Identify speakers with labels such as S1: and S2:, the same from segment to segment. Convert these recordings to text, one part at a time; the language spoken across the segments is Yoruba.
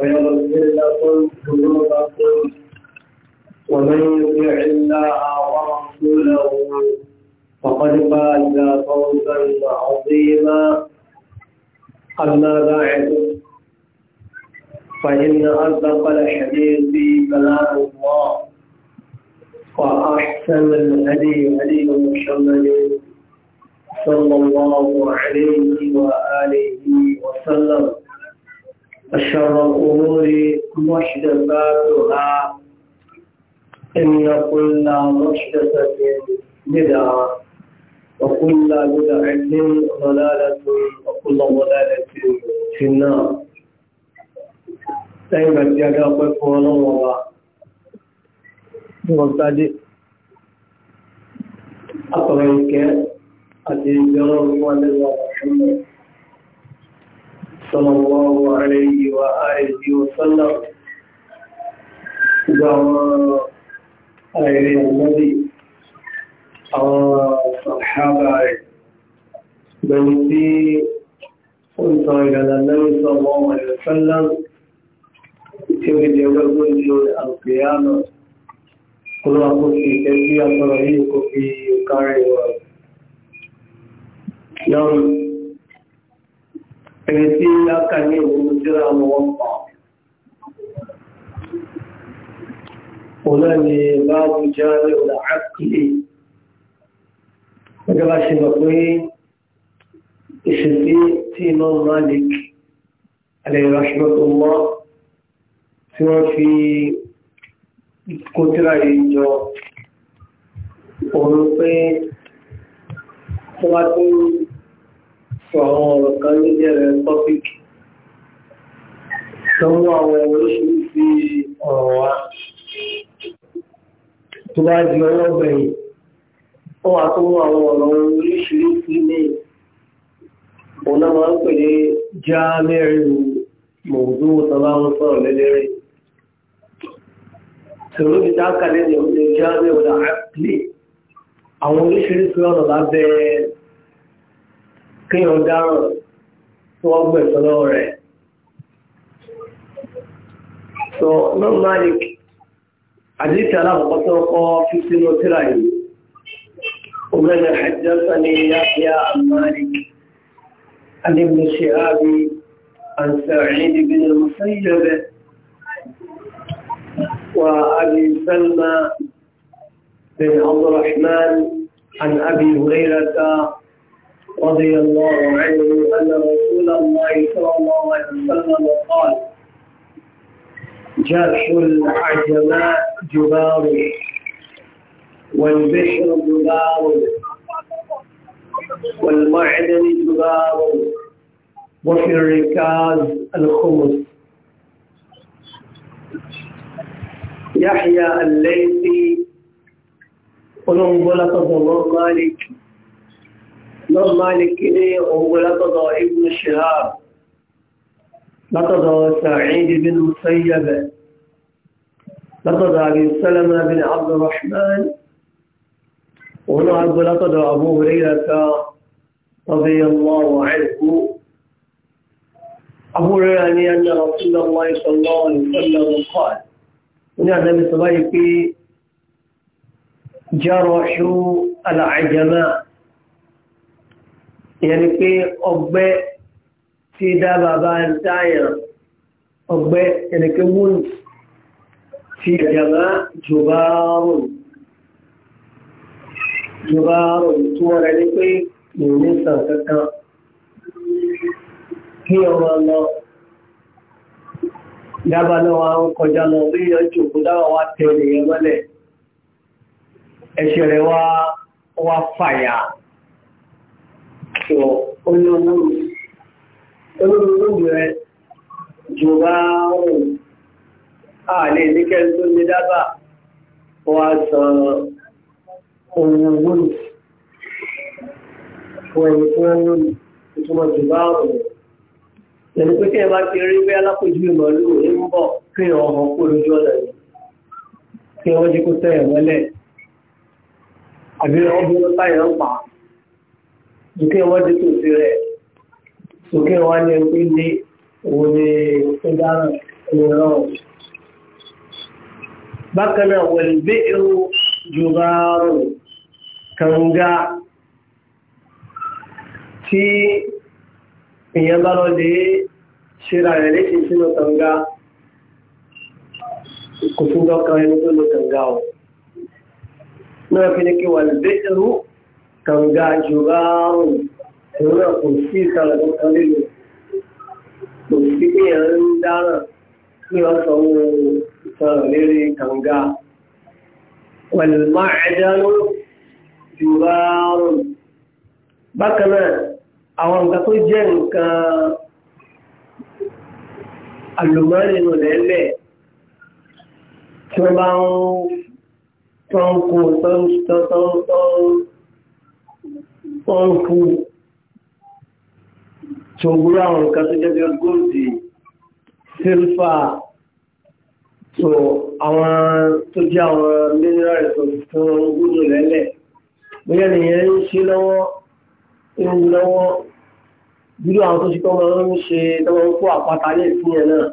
S1: ويغفر
S2: لكم ذنوبكم ومن يطع الله ورسوله فقد فاز فوزا عظيما اما بعد فان اصدق الحديث كلام الله واحسن الهدي هدي محمد صلى الله عليه واله وسلم وشر الأمور محدثاتها إن كل محدثة بدعة وكل بدعة ضلالة وكل ضلالة في النار دائما جاء قول الله وقتادي أقرأك أتي جرى الله محمد
S1: صلى الله عليه وآله وسلم دعوة أهل النبي الصحابة بنتي
S2: قلت إلى النبي صلى الله عليه وسلم تريد يوم القيامة قل أقول في كيفية صلى في كاري يوم ẹni tí a kà ní ìwòrán síra ní wọ́n pa ọlọ́ni báwo jẹ́ ọ̀rọ̀ àkílẹ̀ gẹ́gẹ́ bá ṣe mọ̀ pé ìṣẹ̀lẹ̀ tí Imam Malik alayhi rahmatullah tí wọ́n fi kótíra ìjọ òun pé wọ́n tó sọ
S1: àwọn ọ̀rọ̀ kan ló jẹ́ rẹ̀ tọ́pìkì tó ń wá àwọn oríṣiríṣi ọ̀rọ̀ wa tó bá di ọwọ́ gbẹ̀yìn
S2: ó wà tó ń wá àwọn ọ̀rọ̀ oríṣiríṣi ní òun náà máa ń pè ní jámẹ́rin mòdú tó bá ń sọ̀rọ̀ lélẹ́rìn tòrò ní dákàlẹ́ ní ọdún jámẹ́ ọ̀dà kéèyàn dáràn tó wọ́n gbẹ̀ sọ lọ́wọ́ rẹ̀. sọ náà Malik àdìsí alákọ̀ọ́kọ́ tó kọ́ fi sínú tíra yìí ومن حدثني يحيى عن مالك عن ابن شهاب عن سعيد بن المسيب وأبي سلمى بن عبد الرحمن عن أبي هريرة رضي الله عنه أن رسول الله صلى الله عليه وسلم قال جرح العجماء جبار والبشر جبار والمعدن جبار وفي الركاز الخمس يحيى الليثي قلن ظلة ظلال نور مالك هو لقضى ابن الشهاب لقضى سعيد بن مسيبة لقضى ابي سلمة بن عبد الرحمن ولعب لقضى ابو هريرة رضي الله عنه ابو هريرة ان رسول الله صلى الله عليه وسلم قال ونعم بصبيك جرحوا العجمات ìyẹn ni pé ọgbẹ́ tí dábàá bá ń dáyàn ọgbẹ́ ìyẹn ni pé wound ti jàmá jùbárùn jùbárùn tó rẹ̀ ni pé ìrìn sàn kankan kí ọmọ lọ dábàá náà wà ń kọjá lọ bí ìyànjú kó dábàá wà tẹ̀lé ẹ̀ mọ́lẹ̀ ẹ̀ṣẹ̀ wá fàyà ṣọ oyún ọlọ́run olóòrùn rẹ̀ jù bá rùn ààlè níkẹ́ tó lè dábà wà sọ ohun wọ́n wọ́n fún ọlọ́run ìtumọ̀ jù bá rùn ẹni pé kí ẹ bá ti rí bí alákòjú ìmọ̀lú ń bọ̀ kí ọ̀hún kó lójú ọ̀nà yìí kí wọ́n jí kó tẹ̀ ẹ̀ àbí ọ̀bùn táyà ń dùkẹ́ wọ́n dé tó sí rẹ̀ dùkẹ́ wọ́n ní ẹgbẹ́ ilé òun ni ó dára ẹni rọrùn. bákan náà wọ́n lè gbé èrò jùlọ rọrùn kànga tí èèyàn bá lọ lè ṣera rẹ̀ léṣe sínú kànga kò fún dọ́kan ẹni tó lo kànga ọ̀. náà fi ní kí wọ́n lè gbé èrò kànga jùlọ àrùn òun náà kò sí ìsàlẹ̀ kankan lílo kò sí pé ẹ̀ ń dáràn kí wọ́n sọ ohun ìsàlẹ̀ lérí kànga pẹ̀lú máàdánù jùlọ àrùn bákan náà àwọn nǹkan tó jẹ́ nǹkan àlùmọ́ọ́nì lẹ́lẹ̀
S1: tí wọ́n bá ń tọ́ǹkù tọ́ǹkù tọ́ǹkù wọ́n ń fún
S2: ṣògbúrú àwọn nǹkan tó jẹ́ bí góòdì sílfà so àwọn tó jẹ́ àwọn mineral resources tó ń gúdùn lẹ́lẹ̀ bóyá nìyẹn ń ṣe lọ́wọ́ ń lọ́wọ́ bílú àwọn tó ṣe kọ́ máa ń ṣe lọ́wọ́ kó àpáta ní ìpínlẹ̀ náà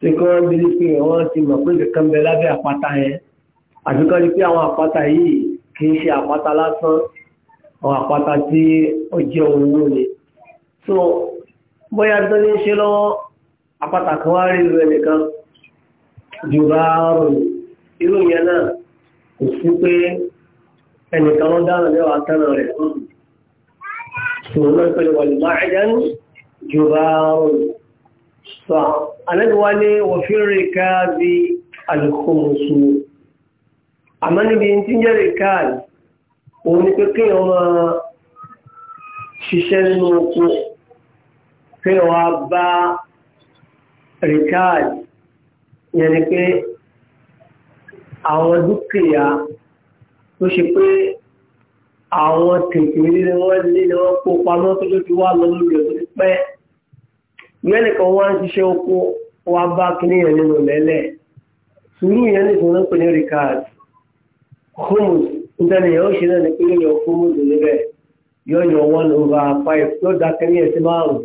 S2: tí kọ́ bílí pé wọ́n ti mọ̀ pé kankan bẹ lábẹ́ àpáta yẹn àfikọ́ ni pé àwọn àpáta yìí kì í ṣe àpáta lásán àwọn àpáta tí ó jẹ́ owó ni so bóyá tó ní ṣe lọ́wọ́ àpáta kan wá rí ìlú ẹnìkan jù bá rùn irú yẹn náà kò sí pé ẹnìkan ló dáhùn ní wàá tẹ́lẹ̀ rẹ̀ ṣùgbọ́n pẹ̀lú wàlú máa ẹ̀jẹ̀ ní jù bá rùn so alẹ́bí wá ní òfin rè ká bí alùpùpù mùsùlùmí àmọ́ níbi tí ń jẹ́ káàdì òun ni pé kéèyàn máa ṣiṣẹ́ nínú oko kéèyàn wá bá ricard yẹn ni pé àwọn dúkìá tó ṣe pé àwọn tètè ní wọ́n lé ní wọ́n kó pamọ́ tó tó ti wá lọ lórí ọdún pẹ́ ìyẹn wọ́n ń ṣiṣẹ́ oko wá bá kíní yẹn nínú lẹ́lẹ̀ sùúrù yẹn nìkan ló ń pè ní ricard nítorí yóò ṣe náà ní pé yóò fún mọ́tò níbẹ̀ yóò yọ one over five yóò da kẹ́lí ẹ̀ sí márùn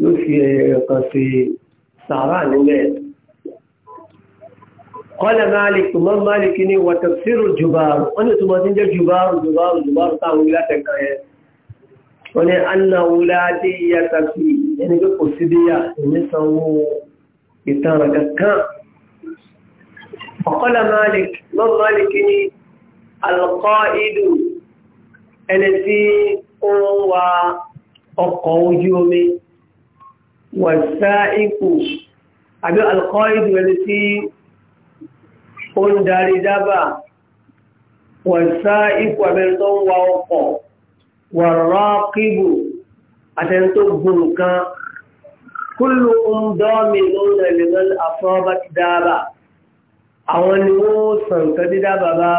S2: yóò fi ẹ̀yọ̀kan sí sàárà níbẹ̀. kọ́lẹ̀ Malik mọ́ Malik ní wàtàkìrò jùbáàrù wọ́n ní túnmọ̀ tí ń jẹ́ jùbáàrù jùbáàrù jùbáàrù táwọn ilé àtẹ̀kàn yẹn. wọ́n ní anáwúlá dé iye tàbí ẹni pé kò sí bíyà èmi sanwó ìtàn kankan. ọ̀kọ́lẹ̀ Malik alqaidu ẹni tí ó ń wa ọkọ̀ ojú omi wasaiqu àbí alqaidu ẹni tí ó ń darí dábàá wasaiqu àbẹ́ni tó ń wa ọkọ̀ waraqibu àtẹni tó gùn kan kúlùkùn dọ́ọ̀mì lónà ìlú afọ́bá ti dábàá àwọn ni wọ́n sàn kan dídábàá bá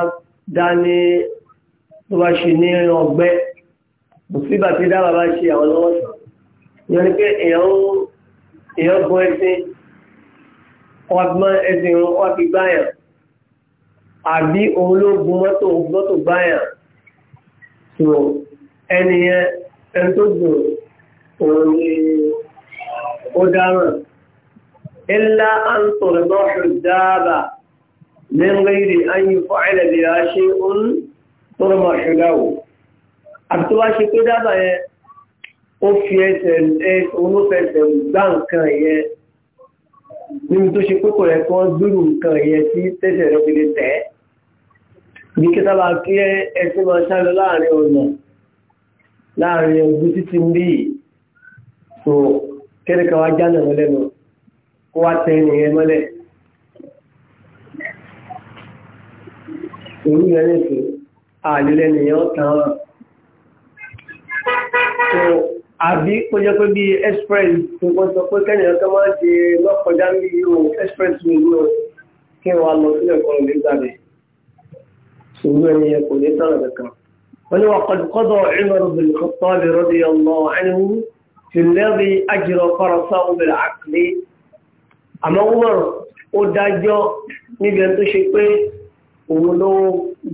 S2: dání tó bá ṣe ní ọgbẹ́ mùsíbà tí dábà bá ṣe àwọn lọ́wọ́ sọ ìyẹn ni pé èèyàn gun ẹsìn ọwọ́ fi máa ẹsìn ìrún ọwọ́ àbí òun ló gun mọ́tò mọ́tò gbáyàn tó ẹni ẹni tó gùn òun ni ó dáràn. إلا أن ترضاه الدابة min ghairi an yuf'ala biha shay'un turmahu lahu àti tó bá ṣe pé dábàá yẹn ó fi ẹsẹ̀ ẹ olófẹsẹ̀ gbá nǹkan yẹn níbi tó ṣe kókò rẹ̀ kí wọ́n gbúrú nǹkan yẹn tí tẹ́sẹ̀ rẹ̀ fi lè tẹ̀ ẹ́ bí kí sábà kí máa ṣáájú láàrin ọ̀nà láàrin ojú títí ń bí so kẹ́rẹ́kẹ́ wa jáde mọ́lẹ́nu kó wá tẹ ẹnìyẹn mọ́lẹ̀ òun yẹn lè fi àlelẹ́ nìyàn tán án so àbí kó jẹ́ pé bí express tó kọ́ sọ pé kẹ́nìyàn kan máa ń ṣe lọ́kọjá ní yóò express ní o kí n lọ sílẹ̀ kan lè gbàgbé ṣùgbọ́n ẹni yẹn kò ní tọ̀nà kankan wọ́n ní wàá kọ́dọ̀ Umar bin Khattab radiyallahu òun ló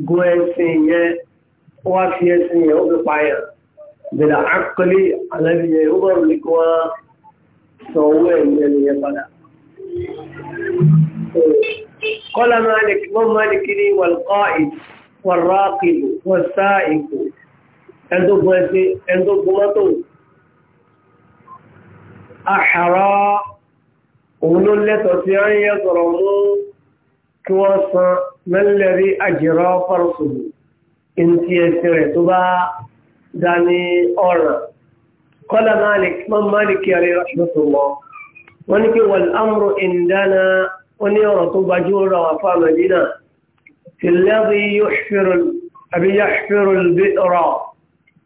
S2: gun ẹṣin yẹn ó wá fi ẹṣin yẹn ó fi pààyàn bẹ̀rẹ̀ àkọlé àlẹ́bí yẹn ó bọ̀rọ̀ ní kí wọ́n sọ owó ẹ̀yìn ẹni yẹn padà. قال مالك ومالك لي والقائد والراقب والسائق ẹ̀ndó gbọmọ́tò àṣàrá òun ló lẹ́tọ̀ sí ọ́yẹ́ sọ̀rọ̀ mú kí wọ́n san mẹ́lẹ́rí àjẹrọ́ fọ́rọ̀sọ̀rọ̀ ìntí ẹsẹ̀ rẹ̀ tó bá dání ọ̀ràn kọ́lá máàlìkì mọ́ máàlìkì àrẹ rọ̀ṣọ́tò mọ́ wọ́n ní pé wọ́n amúrò ìndáná wọ́n ní ọ̀rọ̀ tó gbajú ọ̀rọ̀ àwọn afá mẹ́dínà tìlẹ́bí yóò ṣẹ́rọ̀ bí ọ̀rọ̀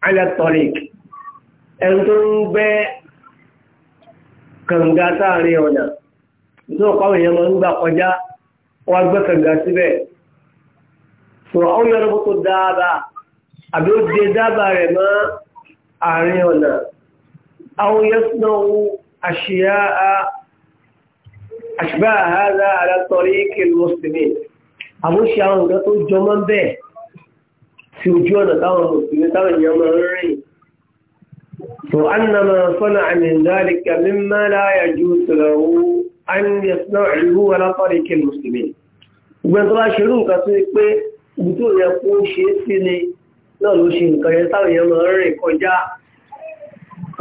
S2: alẹ́tọ̀rìk ẹni tó ń gbẹ́ kọjá wọ́n gbẹ́ kànga síbẹ̀ tó àwọn yọ̀rọ̀ bó tó dáadáa àbí ó dé dábàá rẹ̀ mọ́ àárín ọ̀nà àwọn yẹ́sùnà owó àṣìyá àṣìbá àhádá alátọ́rí ìkèlú mùsùlùmí àmúṣe àwọn nǹkan tó jọmọ́ bẹ́ẹ̀ tí ojú ọ̀nà táwọn mùsùlùmí táwọn èèyàn máa ń rìn tó annama sọ́nà àmìndálìkà mímọ́ láyà ju tòlọ́wọ́ an yẹ́sùnà ìlú alátọ́rí ìkèlú mùsùlùmí gbẹ̀ntọ́lá ṣerú nǹkan tó pé ibi tó yẹ kó ṣe sí ni náà ló ṣe nǹkan yẹn táwọn èèyàn máa ń rìn kọjá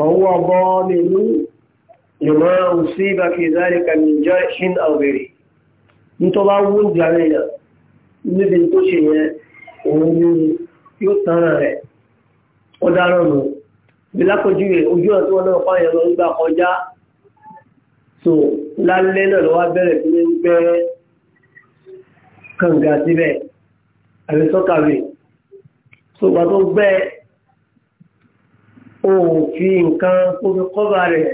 S2: ọwọ́ ọbọ̀ nínú ìmọ̀ òsì ìbáfi ìdáríkà nìjọ ṣín àwẹ̀rẹ̀ nítorí bá wú ìjà rẹ̀ yàn níbi tó ṣe yẹn òun ni yóò tán rẹ̀ ó dáràn nù bí lápòjú rẹ̀ ojú ọ̀nà tí wọ́n náà fáyẹ̀ lọ gbà kọjá so lálẹ́ náà lọ́wọ́ bẹ̀rẹ̀ sí ní gbẹ́ kànga síbẹ̀ àbí sọ́kàwé tó gbà tó gbẹ́ ohun fi nǹkan kó fi kọ́ba rẹ̀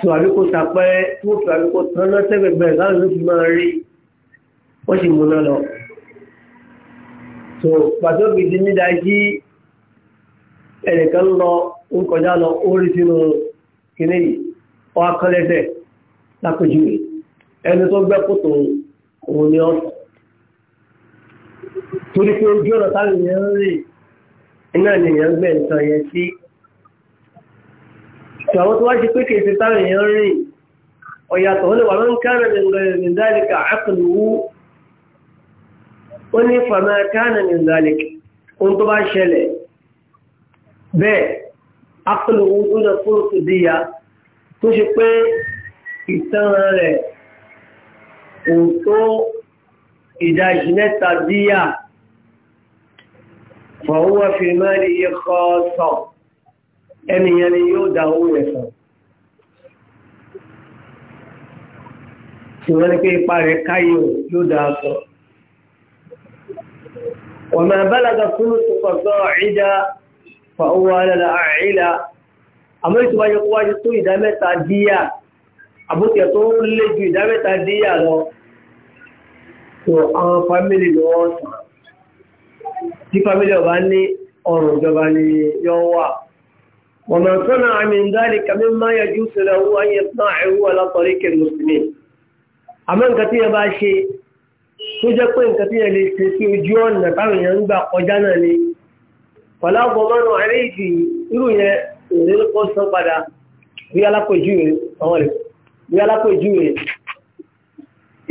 S2: tó àbí kó sàpẹ́ tó fi àbí kó tán náà sẹ́gbẹ̀gbẹ̀ láwọn ló fi máa rí wọ́n sì múná lọ. tó pàtó gidi nídàájí ẹnìkan lọ ń kọjá lọ orí sínú kìnnì yìí wọ́n á kọ́ ẹni tó gbẹ́ kòtò òun ni ọ̀sán torí pé ojú ọ̀nà táwọn èèyàn ń rìn iná ni èèyàn gbẹ̀ nǹkan yẹn sí tí àwọn tó wá ṣe pé kèsì táwọn èèyàn ń rìn ọ̀yàtọ̀ ó lè wà lọ́n kánà ní ìrìn dálíkà àkàlùwú ó ní fàmà kánà ní dálíkà ohun tó bá ṣẹlẹ̀ bẹ́ẹ̀ àkàlùwú ó lọ fún ìdíyà tó ṣe pé ìtàn rẹ̀ kò tó ìdajì mẹ́ta díyà fọ̀wọ́ fi máa lè yẹ kọ́ sọ ẹnìyàn ni yóò dá owó rẹ̀ sọ ṣùgbọ́n ní pé ipa rẹ̀ káyé o yóò dá sọ wọ́n máa bálaga fún ìtùkọ̀sọ́ ìdá fọ̀wọ́ alẹ́lẹ́ àìlà àmọ́ ìtùwájú kọ́wájú tó ìdá mẹ́ta díyà àbúkẹ́ tó lé ju ìdá mẹ́ta díyà lọ tó àwọn fámìlì lọ́wọ́ sàn tí fámílì ọba ní ọrùn ìjọba ni yọ wà wọ́n mọ̀ sọ́nà àmì ìdáàlì kàmí máa yẹ jù sílẹ̀ owó ayé tán àìwú alátọ̀rí kẹ mùsùlùmí àmọ́ nǹkan tí yẹn bá ṣe tó jẹ́ pé nǹkan tí yẹn lè ṣe sí ojú ọ̀nà táwọn èèyàn ń gbà kọjá náà ni pọ̀lá ọgbọ̀n àárẹ̀ ìdì irú yẹn èrè kọ́ sọ padà bí alápèjúwe àwọn rẹ̀ bí alápèjúwe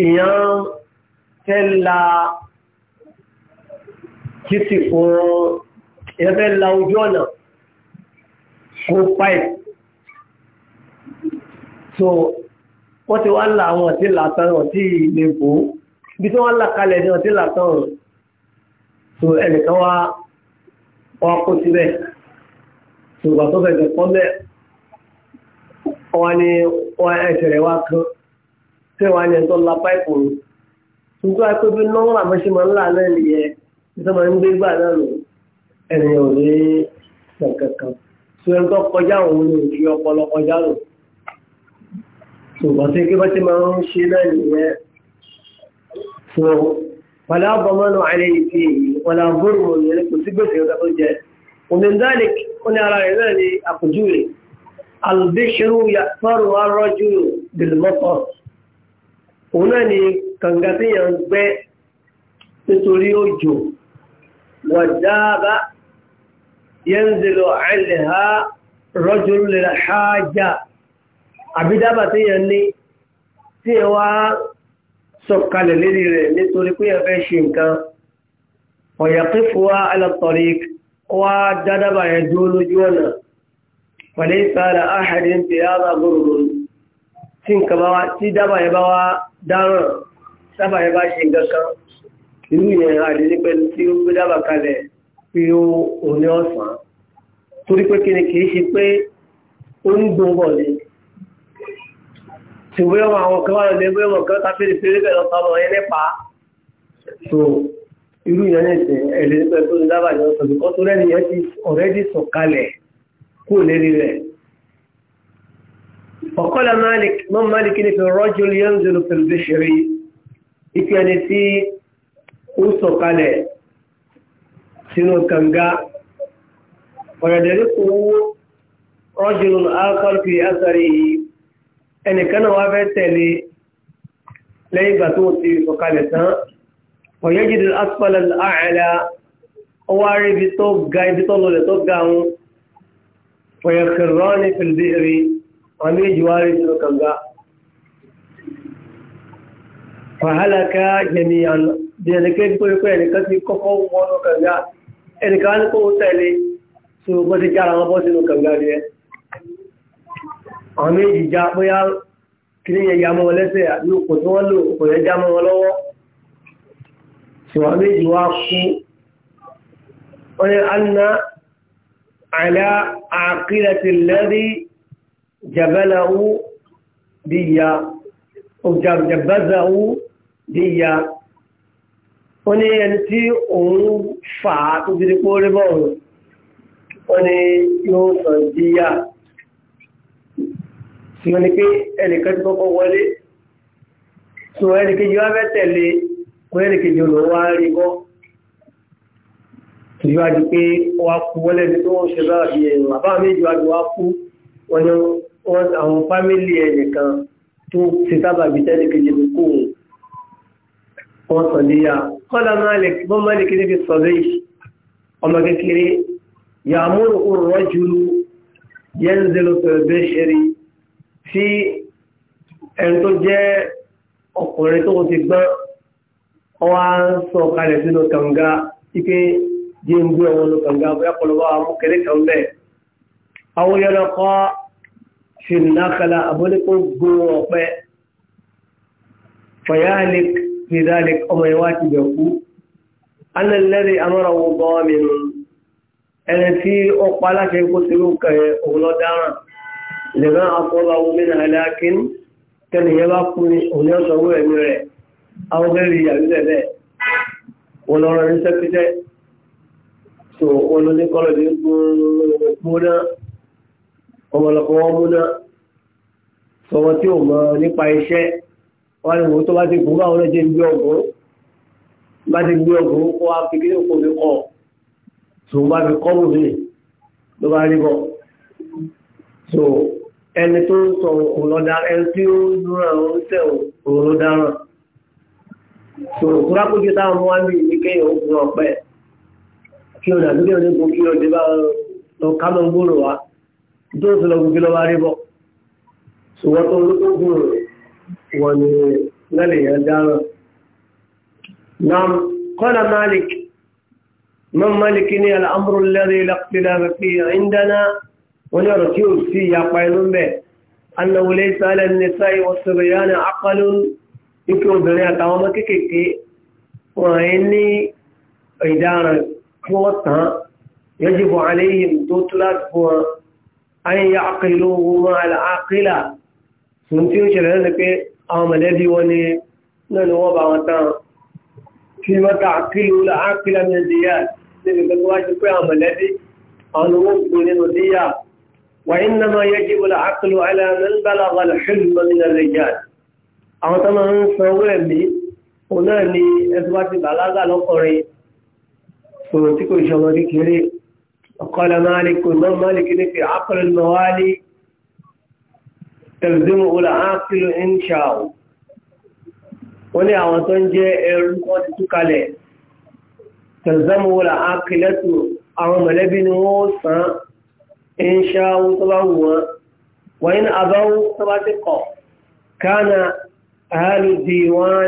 S2: èèyàn fẹ́ la títì fún ẹgbẹ́ la ojú ọ̀nà fún pipe so wọ́n ti wá là àwọn ọ̀tí làtàn ọ̀tí ilé bò ó ibi tí wọ́n là ní ọ̀tí làtàn so ẹnìkan wá wá kó síbẹ̀ so ìgbà tó fẹ̀sẹ̀ pọ́ mẹ́ wọ́n ní wọ́n ẹsẹ̀ rẹ̀ wá kán tí wọ́n á ní ẹ̀tọ́ la pipe rò ṣùgbọ́n nítorí wọn ń gbé gbà náà lò ènìyàn ò ní sàn kankan tí wọn tó kọjá òun ní òfin ọpọlọ kọjá lò ṣùgbọ́n tí kí wọ́n ti máa ń ṣe náà nìyẹn fún ọ wàlá bọ́mọ́nù àlẹ́ ìfì wàlá bọ́ọ̀rù òyìn kò sí gbèsè ọ̀gá tó jẹ òmìn dáàlì ó ní ara rẹ̀ náà ní àpòjúwe albishiru ya sọ́rọ̀ arọ́jú bìlmọ́tọ̀ òun náà ni kànga tí nítorí òjò والدابة ينزل عنها رجل للحاجة àbí dábà tí yẹn ní tí ẹ wá sọ̀kalẹ̀ lérí rẹ̀ nítorí pé ẹfẹ́ ṣe nǹkan ọ̀yàkífúwá alàtọ̀rí wá dádábà yẹn dúó lójú ọ̀nà pẹ̀lú ìsára áhàdín tí a bá gbòròrò tí dábà yẹn bá wá dáràn dábà yẹn bá ṣe nǹkan kan inú yẹn adé ní pẹ̀lú tí ó gbé dábàá kalẹ̀ pé ó òní ọ̀sán torí pé kí ni kì í ṣe pé ó ń gbọ́n bọ̀ ni ṣùgbọ́n yọmọ àwọn kan wà lọ́dẹ bóyá ọmọ kan káfíìrì péré bẹ̀rẹ̀ lọ́pàá lọ ẹ nípa so irú yẹn ní ìsìn ẹ̀lẹ́ ní pẹ̀lú tó ní dábàá ní ọ̀sán bìkọ́ tó rẹ́ni yẹn ti ọ̀rẹ́dì sọ̀kalẹ̀ kú lérí rẹ̀ ọ̀kọ́lá mọ́ Málíkì ní fi rọ́jò yẹn ń ó sọ̀kalẹ̀ sínú kànga ọ̀rẹ̀dẹ̀rí kò wó rọ́jùlù alkọ́lùfì asàrí yìí ẹnìkan náà wá fẹ́ tẹ̀lé lẹ́yìn ìgbà tó ti sọ̀kalẹ̀ tán ọ̀yẹ́jìdì asfalẹ̀ àìlà ọwá rí ibi tó ga ibi tó lọlẹ̀ tó ga wọn ọ̀yẹ̀kẹ̀rọ́ ní fìlìbìrì wọn méjì sínú kànga bí ẹnìkẹ́ gbórí pé ẹnìkan ti kọ́kọ́ wọnú kànga ẹnìkan ní kó tẹ̀lé tó bọ́ ti jára wọn bọ́ sínú kànga rí ẹ àwọn méjì já bóyá kí ní yẹya mọ́ lẹ́sẹ̀ àbí òkò tí wọ́n lò òkò yẹn já mọ́ wọn lọ́wọ́ ṣùgbọ́n méjì wá kú wọ́n ní anna àlá àkírẹ̀tì lẹ́rí jàbẹ́lẹ̀ díyà ó ní ẹni tí òun fà á tó ti di pé ó rí bọ́ọ̀rù ó ní yóò sọ díyà tí ó ní pé ẹnìkan ti kọ́kọ́ wọlé tó ẹnìkejì wá fẹ́ tẹ̀lé kó ẹnìkejì olùwọ́ wá rí bọ́ tìjú wá di pé wá kú wọlé ní tó ń ṣe bá bí ẹ̀rù àbá méjì wá di wá kú wọn ni àwọn fámìlì ẹnìkan tó ti sábà bí tẹ́lẹ̀kejì ló kó òun wọ́n sọ níyà kọ́lá Malik bọ́n Malik níbi sọ̀rọ̀ yìí ọmọ kékeré yàmúrù òrùrọ̀ jùlù yẹnzẹ̀lú pẹ̀lú ṣẹ̀rí tí ẹni tó jẹ́ ọkùnrin tó ti gbọ́n ọwá ń sọ kalẹ̀ sínú kànga ike jẹ́ ń gbé kànga bóyá pọ̀lọ́wọ́ àwọn kẹlẹ́ kan bẹ́ẹ̀ àwọn yẹn kọ́ fìnnà kala àbólẹ́kọ̀ gbó ọ̀pẹ fọyálẹ́kì في ذلك أما يواتي بيقو أن الذي أمره ضامن أن في أقبالك يقتلوك أغلى دارا لما أصله منها لكن كان يبقى هنا صوره أميره أو غيره يعمل ذلك ولو لم يسكت so olóní kọ́lọ̀ ní gbóná ọmọlọpọ̀ wọn múná sọmọ tí ò mọ̀ nípa iṣẹ́ wọ́n ní wo tó bá ti gùn báwọn ọlọ́jẹ́ ń gbé ọ̀gbọ́n bá ti gbé ọ̀gbọ́n kó wá fi kéde kò fi kọ́ tó bá fi kọ́ bò mí ló bá rí bọ̀ so ẹni tó ń sọ òun lọ dára ẹni tí ó ń dúró àwọn ń òun ló dára so kúrákùjú táwọn ọmọ wa ń bì ní kéèyàn ó gun ọ̀pẹ kí o dàbí kí o ní gun kí o dé bá lọ ká lọ gbòòrò wa tó ń sọ lọ gun lọ bá rí bọ̀ so wọ́n tó ń lókè gbòòrò rẹ̀. نعم قال مالك من مالكني الأمر الذي لا اختلاف فيه عندنا ونرجو فيه يا قائلون به أنه ليس على النساء والصبيان عقل يكون دنيا تومك كيكي وإني إدارة قوتها يجب عليهم تطلق أن يعقلوهما العاقلة سنتيو شرعنا àwọn mọ̀lẹ́bí wọn ni náà ni wọ́n bá wọn tán kí wọ́n ká àkílù láàkílà ní díyà níbi gbogbo wá ti pé àwọn mọ̀lẹ́bí àwọn ni wọ́n gbé nínú díyà wà ní nàmà yẹ kí wọ́n àkílù aláàmẹ́lẹ́bàlá wà lẹ́hìn lọ́nà rẹ̀jà àwọn tó máa ń san owó ẹ̀mí òun náà ni ẹ̀sùn wá ti bàlágà lọ́kùnrin sọ̀rọ̀ tí kò ṣọmọ kékeré ọ̀kọ́lá máàlì kò náà máàlì kéde fi àkọlù mọ́wálì tẹ̀lùdínmù olàákìlù inṣàù wọ́n ní àwọn tó ń jẹ́ ẹrú wọ́n ti túkalẹ̀ tẹ̀lùdínmù olàákìlẹ́tù àwọn mọ̀lẹ́bí ni wọ́n sàn inṣàù tó bá wù wọ́n wọ́n yín àbáwú tó bá ti kọ̀ kánà àhálù dìwọ́n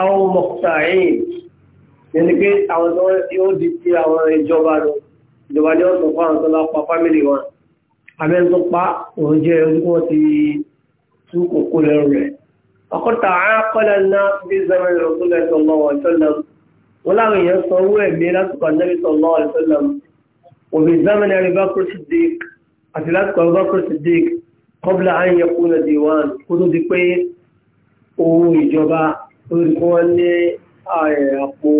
S2: àwọn mọ̀kútàáyìn yẹni abẹ́ tó pa òun jẹ́ orúkọ ti tú kòkó lẹ́rù rẹ̀. ọkọ̀tà àákọ́lẹ̀ náà bí zẹ́rẹ̀ ìrọ̀kúnlẹ̀ sọ̀lọ́ ọ̀tọ́lẹ̀ wọn láwọn èèyàn san owó ẹ̀mí lásìkò ànábì sọ̀lọ́ ọ̀tọ́lẹ̀ òbí zẹ́mẹ̀lẹ̀ àríbákúrò sí dìk àti lásìkò àríbákúrò sí dìk kọ́bílà àyẹ̀ kúnà lórí kí ní àpò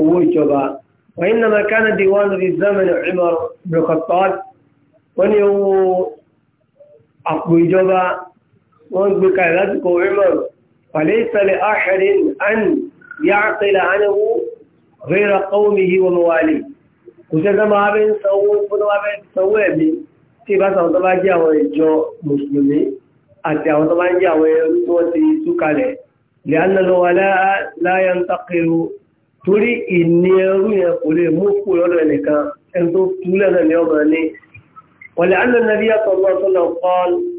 S2: owó ìjọba. وإنما كان ديوان في زمن عمر بن الخطاب wọ́n ní owó àpò ìjọba wọ́n gbé kalẹ̀ lásìkò rímọ̀n pàlẹ́ ìsẹ̀lẹ̀ àṣẹrin àn yá àpẹẹlẹ̀ àníwó rírà kọ́wọ́mí yíwọ mọ́wàlì kò sẹ́ sọ́mọ́ abẹ́ ń sanwó fún abẹ́ sanwó ẹ̀mí tí ìbá sàwọn tó bá jẹ́ àwọn torí ìní ẹrú yẹn kò lè mú kú lọ́dọ̀ ẹnìkan ẹni tó túlẹ̀ náà ọmọ ní ولأن النبي صلى الله عليه وسلم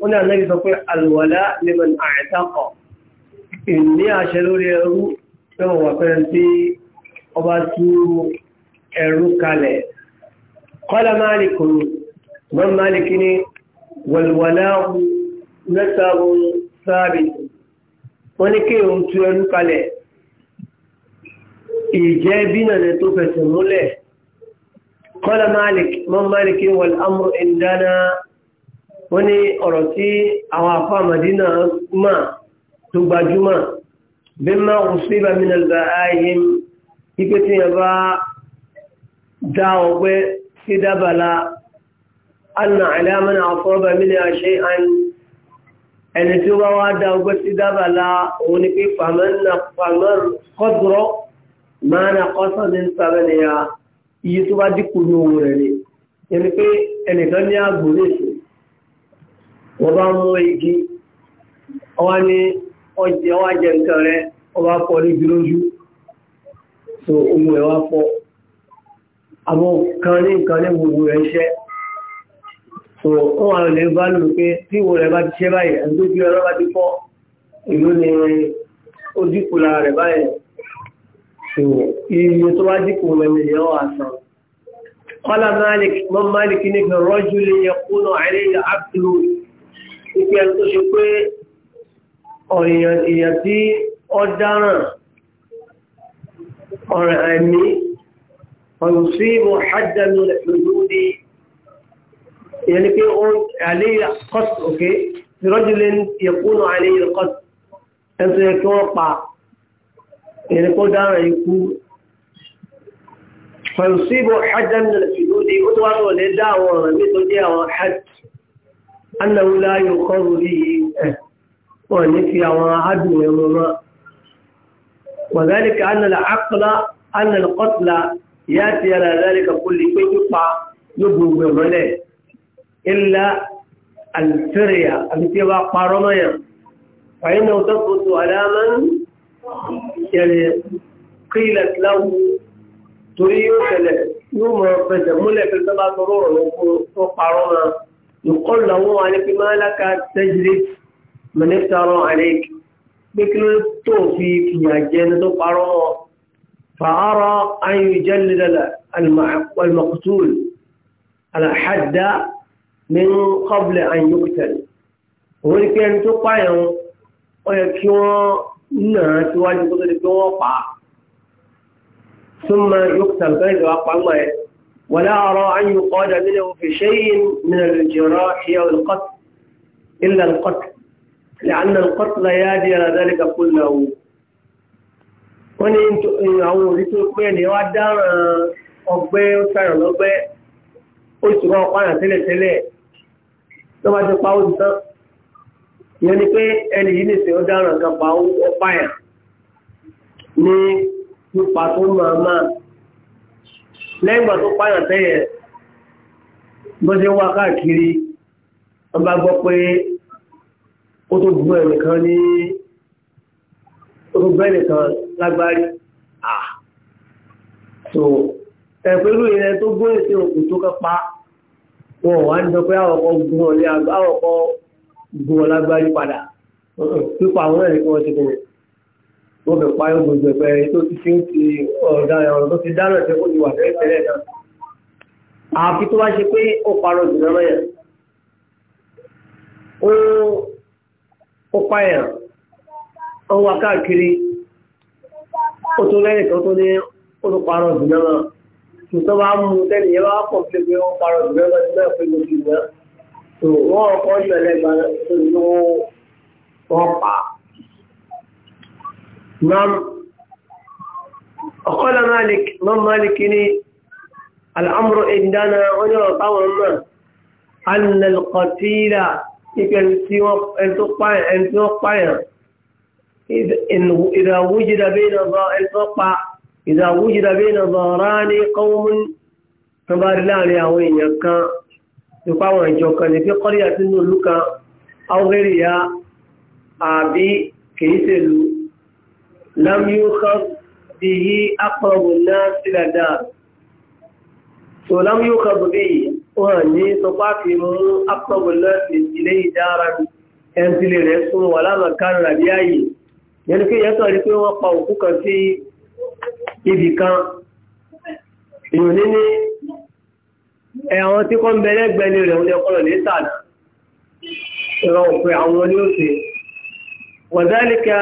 S2: قال النبي صلى الولاء لمن اعتق إني أشهر يرو فهو فنتي أباتو الركالة قال مالك من مالكني والولاء نسب ثابت ونكي أنتو الركالة إيجابنا نتوفى سنوليه kọ́lá malik mọ́n malik wal amru indana wọ́n ní ọ̀rọ̀ tí àwọn afọ́ àmàdínà mà tó gbajúmọ̀ bí máa kù sí ìbáminà lọ́gbà ayéhìm ipé tí yẹn bá dá ọgbẹ́ sí dábàlá anna alamana afọ́ba mílẹ̀ àṣẹ ẹni tí ó bá wá dá ọgbẹ́ sí dábàlá òun ni pé fàmọ́ iye tó bá dínkù ní owó rẹ̀ ni ẹni pé ẹnìkan ní àgbò lèṣe wọ́n bá mú igi ọwá ní ọjẹ́ ọwá jẹ nǹkan rẹ̀ ọba fọ́ ní gírójú so ohun ẹ̀ wá fọ́ àwọn kan ní nǹkan ní gbogbo rẹ̀ ṣẹ́ so wọ́n wà lè bá lò pé tí ìwò rẹ̀ bá ti ṣẹ́ báyìí ẹni tó ju ẹ̀rọ bá ti fọ́ ìlú ni ó dínkù lára rẹ̀ báyìí so iye tó wá dípò lẹ́nu ìyẹn wà sàn. kọ́lá malik mọ́ malik ní kan rọ́jú lè yẹ kúnà àìlèyà abdul ìpè ẹni tó ṣe pé ọ̀rìyàn èèyàn tí ọ dáràn sí mo hajjánu lẹ́nu ní ìyẹn pé ó àìlèyà kọ́t òkè rọ́jú yẹ kúnà àìlèyà kọ́t ẹni yẹ kí wọ́n pa. يعني كل دار يكون فيصيب حدا من الحدود أدوار ولدا ورميت ديا وحد أنه لا يقر به ونفي وعدم يمما وذلك أن العقل أن القتل يأتي على ذلك كل شيء يقع يبو بغلاه إلا الفرية التي وقع فإنه تثبت على من يعني قيلت له تريد يوم فز ملك السبع سرور وقعونا يقول له يعني ما لك تجري من افترى عليك بكل توفي يا جنة قرار فأرى أن يجلد المقتول على حد من قبل أن يقتل ولكن تقعوا ويكون náà síwájú tó tó di pé wọ́n pa á súnmọ́ yókùtà nǹkan ìjọba pàmò ẹ̀ wọ́n láàárọ̀ ayò kọ́dà nílẹ̀ òfin ṣẹ́yìn nínú ìjọrọ̀ ìyá olùkọ́tù ilẹ̀ olùkọ́tù لأن القتل يادي على ذلك كله wọ́n ní àwọn òbí tó pé ẹni wá dára ọgbẹ́ ó sàràn lọ́gbẹ́ ó sì rán ìyẹn ni pé ẹni yìí nìsẹ̀ ó dáràn kan pa ó pààyàn ní pípa tó máa máa lẹ́yìn ìgbà tó pààyàn tẹ́yẹ bó ṣe wá káàkiri wọ́n bá gbọ́ pé ó tó gbọ́ ẹnìkan ní ó tó lágbárí ah so ẹ̀pẹ́lú ìyẹn tó gbọ́ èsì òkú tó kápá wọn wá ń dọ pé àwọ̀kọ́ gbọ́ ọ̀lẹ́ àgbáwọ̀kọ́ gbé wọn lágbárí padà pípa àwọn ẹ̀rí kí wọ́n ti kún wọ́n fẹ́ parí gbogbo ẹ̀pẹ́ tó ti ṣe ń ti ọ̀daràn ọ̀rọ̀ tó ti dáná ẹ̀fẹ́ kó ti wà fẹ́ tẹ́lẹ̀ náà. àfi tó bá ṣe pé ó parọ́ jù lọ́rọ̀ yẹn ó pààyàn ó wá káàkiri ó tó lẹ́yìn kan tó ní ó tó parọ́ jù lọ́rọ̀ tó bá mú tẹ́lẹ̀ yẹn wá pọ̀ pé ó parọ́ jù lọ́rọ̀ وقال 主我我们那个是有佛法，那我那马力，那马力呢？الأمر عندنا هنا طبعا أن القتيل يمكن أن تقع أن تقع إذا وجد بين الفقع إذا وجد بين ظهران قوم فبارلان يا وين يكا nípa àwọn ìjọ kan ní pé kọ́ríyà sínú ìlú kan algeria àbí kìí sèlú lámúyúkọ́ bí i apọ̀bù náà sílẹ̀dá so lámúyúkọ́ bí i wọ́n ní sọpá fi mú apọ̀bù náà sí ilé ìdára ẹnzílẹ̀ rẹ̀ sún wà lámàkánù àbí ààyè yẹnu kí yẹtọ̀ rí pé wọ́n pa òkú kan sí ibì kan ìrònú ní ẹ̀wọ̀n tí kọ́ ń bẹ lẹ́gbẹ̀ẹ́lẹ́ rẹ̀ oúnjẹ kọ́lọ̀ ní sàdá ìrọ̀n pé àwọn olóòṣè wàdálíkà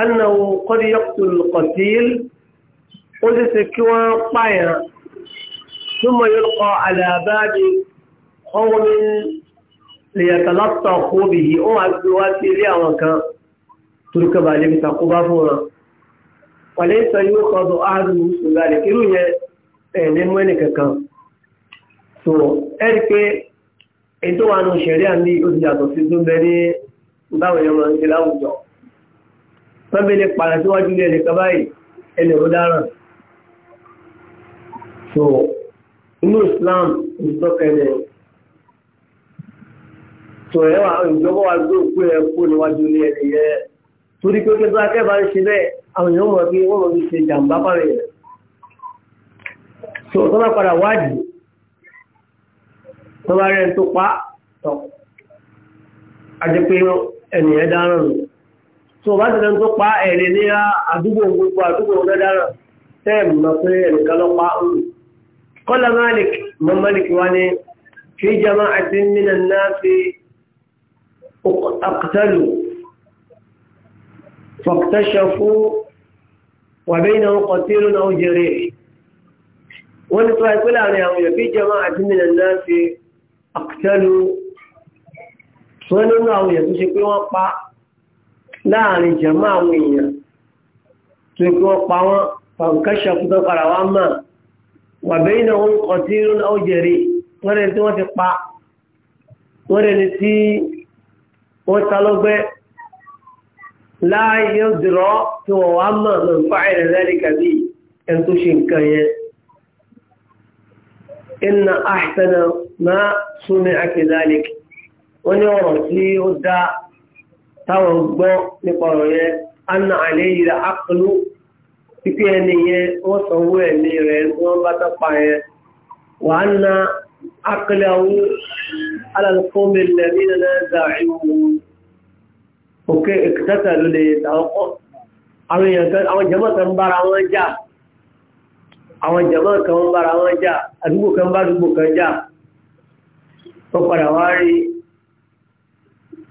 S2: annáwó kọ́dí yọ́kùtù kọ̀tíl ó sì ṣe kí wọ́n pààyàn tó mọ̀ yóò kọ́ àlàbáàdì ọwọ́n lèyàtàlátọ̀ kó bì yìí ó wà gbé wá sí lè fi takóbá ẹ̀ ní mú ẹnì kankan so ẹ̀rí pé èyí tó wà nù ṣẹ̀rí àní ó ti yàtọ̀ sí tó bẹ ní báwọn èèyàn máa láwùjọ wọ́n bẹ lè pààrọ̀ síwájú ilé ẹnìkan báyìí ẹnì ó dáràn so inú Islam ń tọ́ka so ẹ wà ìjọba wa gbé òkú ẹ kú níwájú ilé ẹni yẹ torí pé kí bá kẹ́bà so tọ́lá padà wádìí tó bá rẹ̀ tó pa tọ̀ àti pé ẹnìyẹn dáràn nù tó bá ti lẹ́nu tó pa ẹ̀rẹ̀ ní àdúgbò gbogbo àdúgbò ọ̀dọ́ dáràn tẹ́ẹ̀mù mọ̀ pé ẹnìkan lọ pa òun kọ́lá malik mọ́ malik wá ní fi jama'ati minan nasi aqtalu faktashafu wa bainahu fi àkùtẹ́lu tí wọ́n nínú àwọn èèyàn tó ṣe pé wọ́n pa láàrin jẹ̀mọ́ àwọn èèyàn tó ṣe pé wọ́n pa wọ́n fàǹkẹ́ṣà kútọ́ kára wá mọ̀ wàbẹ́ iná wọn kọ̀ tí irun náà ó jẹ̀rí wọ́n rẹ̀ tí wọ́n ti pa inna ahsana ma sumi'a kadhalik wọ́n ní ọ̀rọ̀ tí ó dá táwọn gbọ́ nípa ọ̀rọ̀ yẹn anna alayhi al-aqlu pípẹ́ ẹni yẹn wọ́n sanwó ẹ̀mí rẹ̀ wọ́n bá tọ́pa yẹn wà á na akíláwó alàlùfóòmì lẹ́bí nínú ẹ̀dàríwò òkè ìkìtàtà ló lè tàwọn àwọn èèyàn kan àwọn jẹ́mọ̀tà ń bára wọn jà àwọn jàmá kan ń bára wọn jà àdúgbò kan bá àdúgbò kan jà wọ́n padà wá rí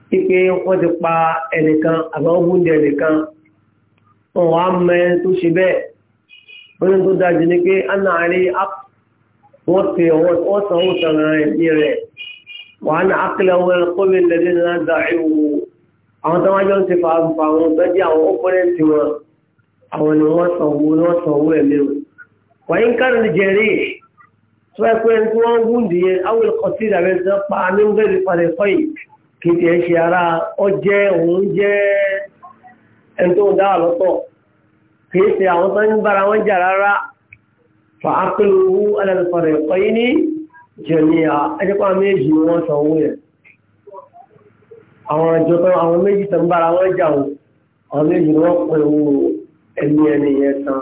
S2: pípé wọ́n ti pa ẹnìkan àbáwọ́ oúnjẹ ẹnìkan wọn wá mẹ́rin tó ṣe bẹ́ẹ̀ wọ́n ní tó dájú ní pé anna àrí wọ́n fi ọwọ́ sanwó sanra ẹ̀mí rẹ̀ wà ní àkílẹ̀ wọn kọ́bí lẹ́lẹ́ náà dá ìwò àwọn tó wájọ́ ti fa àwọn ọ̀gbẹ́jì àwọn ọ̀pọ̀lẹ́ntì wọn àwọn ni wọ́n sanwó ẹ̀mí wàyí ń kárẹ̀ ní jẹ̀rí tó ẹ̀kọ́ ẹni tí wọ́n ń gùn dìye awil kọtí ìdàbẹ̀ tó pa ní ń bẹ̀rẹ̀ padà kọ́ yìí kì í tiẹ̀ ṣe ara ọjẹ́ òun jẹ́ ẹni tó ń dá àlọ́tọ̀ kì í ṣe àwọn tó ń bára wọn jà rárá fa akílùú alẹ́ padà kọ́ yìí ní jẹ̀rí ẹ̀dẹ́pà méjì wọn sọ owó yẹn àwọn àjọ tó àwọn méjì tó ń bára wọn jà wọn àwọn méjì wọn pẹ̀lú ẹni ẹni yẹn tán.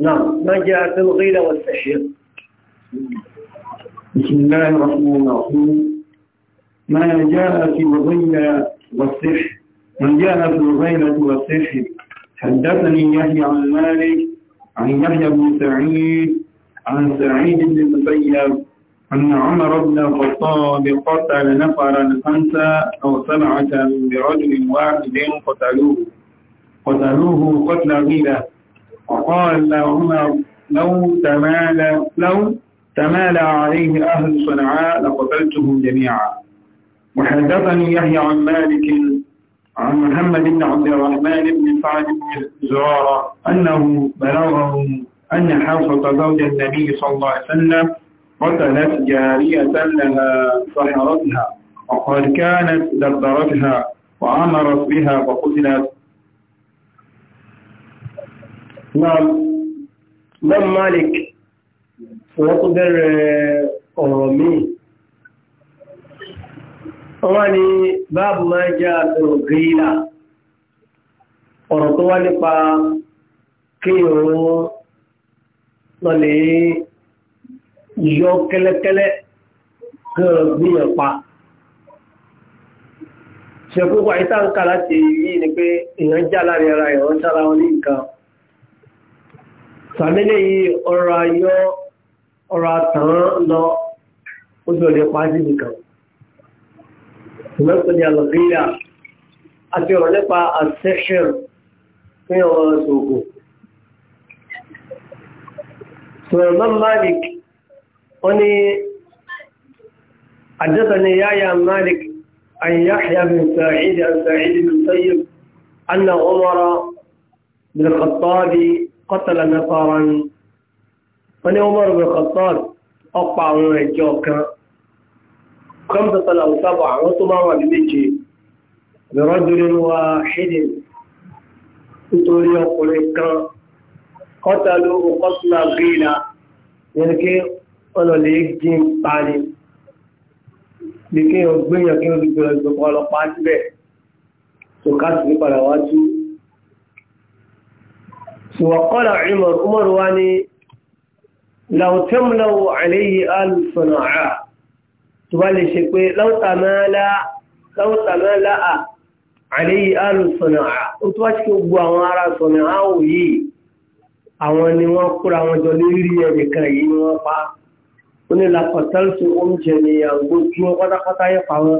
S2: نعم ما جاء في الغيلة والفحير
S1: بسم الله الرحمن الرحيم ما جاء في الغيلة والسحر ما جاء في الغيلة والسحر حدثني يحيى عن مالك عن يحيى بن سعيد عن سعيد بن المسيب أن عمر بن الخطاب قتل نفرا خمسة أو سبعة برجل واحد قتلوه قتلوه قتل غيلة وقال عمر لو تمالى لو تمالى عليه أهل صنعاء لقتلتهم جميعا وحدثني يحيى عن مالك عن محمد بن عبد الرحمن بن سعد بن زرارة أنه بلغه أن حافظه زوج النبي صلى الله عليه وسلم قتلت جارية لها سحرتها وقد كانت دبرتها وأمرت بها فقتلت náà
S2: mọ́n Malik wọ́n tó bẹ̀rẹ̀ ọ̀rọ̀ míì wọ́n ní báàbù máa jẹ́ àtọ̀rọ̀ gírílà ọ̀rọ̀ tó wá nípa kí òun lọ lè yọ kẹ́lẹ́kẹ́lẹ́ kí òun gbìyàn pa ṣe púpọ̀ ni sàmílẹ̀ yìí ọ̀rọ̀ ayọ́ ọ̀rọ̀ àtàn lọ ojú ọ̀lẹ́ pàájì nìkan ìmọ̀sán ni àlọ́gbéyà àti ọ̀rọ̀ nípa àṣẹ́ṣẹ́r fún ọ̀rọ̀ ṣògùn sọ̀rọ̀ mọ́ malik wọ́n ni حدثني يحيى مالك عن يحيى بن سعيد عن سعيد بن طيب أن عمر بن الخطاب kọ́tàlá mẹ́fà wọn ni wọ́n ní Umar bin Khattab ọ̀pọ̀ àwọn ẹ̀jọ́ kan kọ́mùtàtàlá òṣàbọ̀ àwọn tó máa wà ní méje lọ́rọ́dúnrín wa ṣídìn nítorí ọkùnrin kan kọ́tàlú kọ́tàlá gbéra yẹn kí ọlọ́lẹ̀ jí ń parí bí kí ọgbẹ́yàn kí ó dùgbọ́ ọlọ́pàá síbẹ̀ tó káàkiri padà wájú وقال عمر عمر واني لو تملوا عليه آل صنعاء تبالي شكوي لو تمالا لو تمالا عليه آل صنعاء وتواشكي بوامارا صنعاء وي àwọn ni wọ́n kúra wọn jọ lérí ẹnìkan yìí ni wọ́n pa ó ní làkọ̀tẹ́lùsì oúnjẹ ni àgbójú wọn pátápátá yẹn pa wọn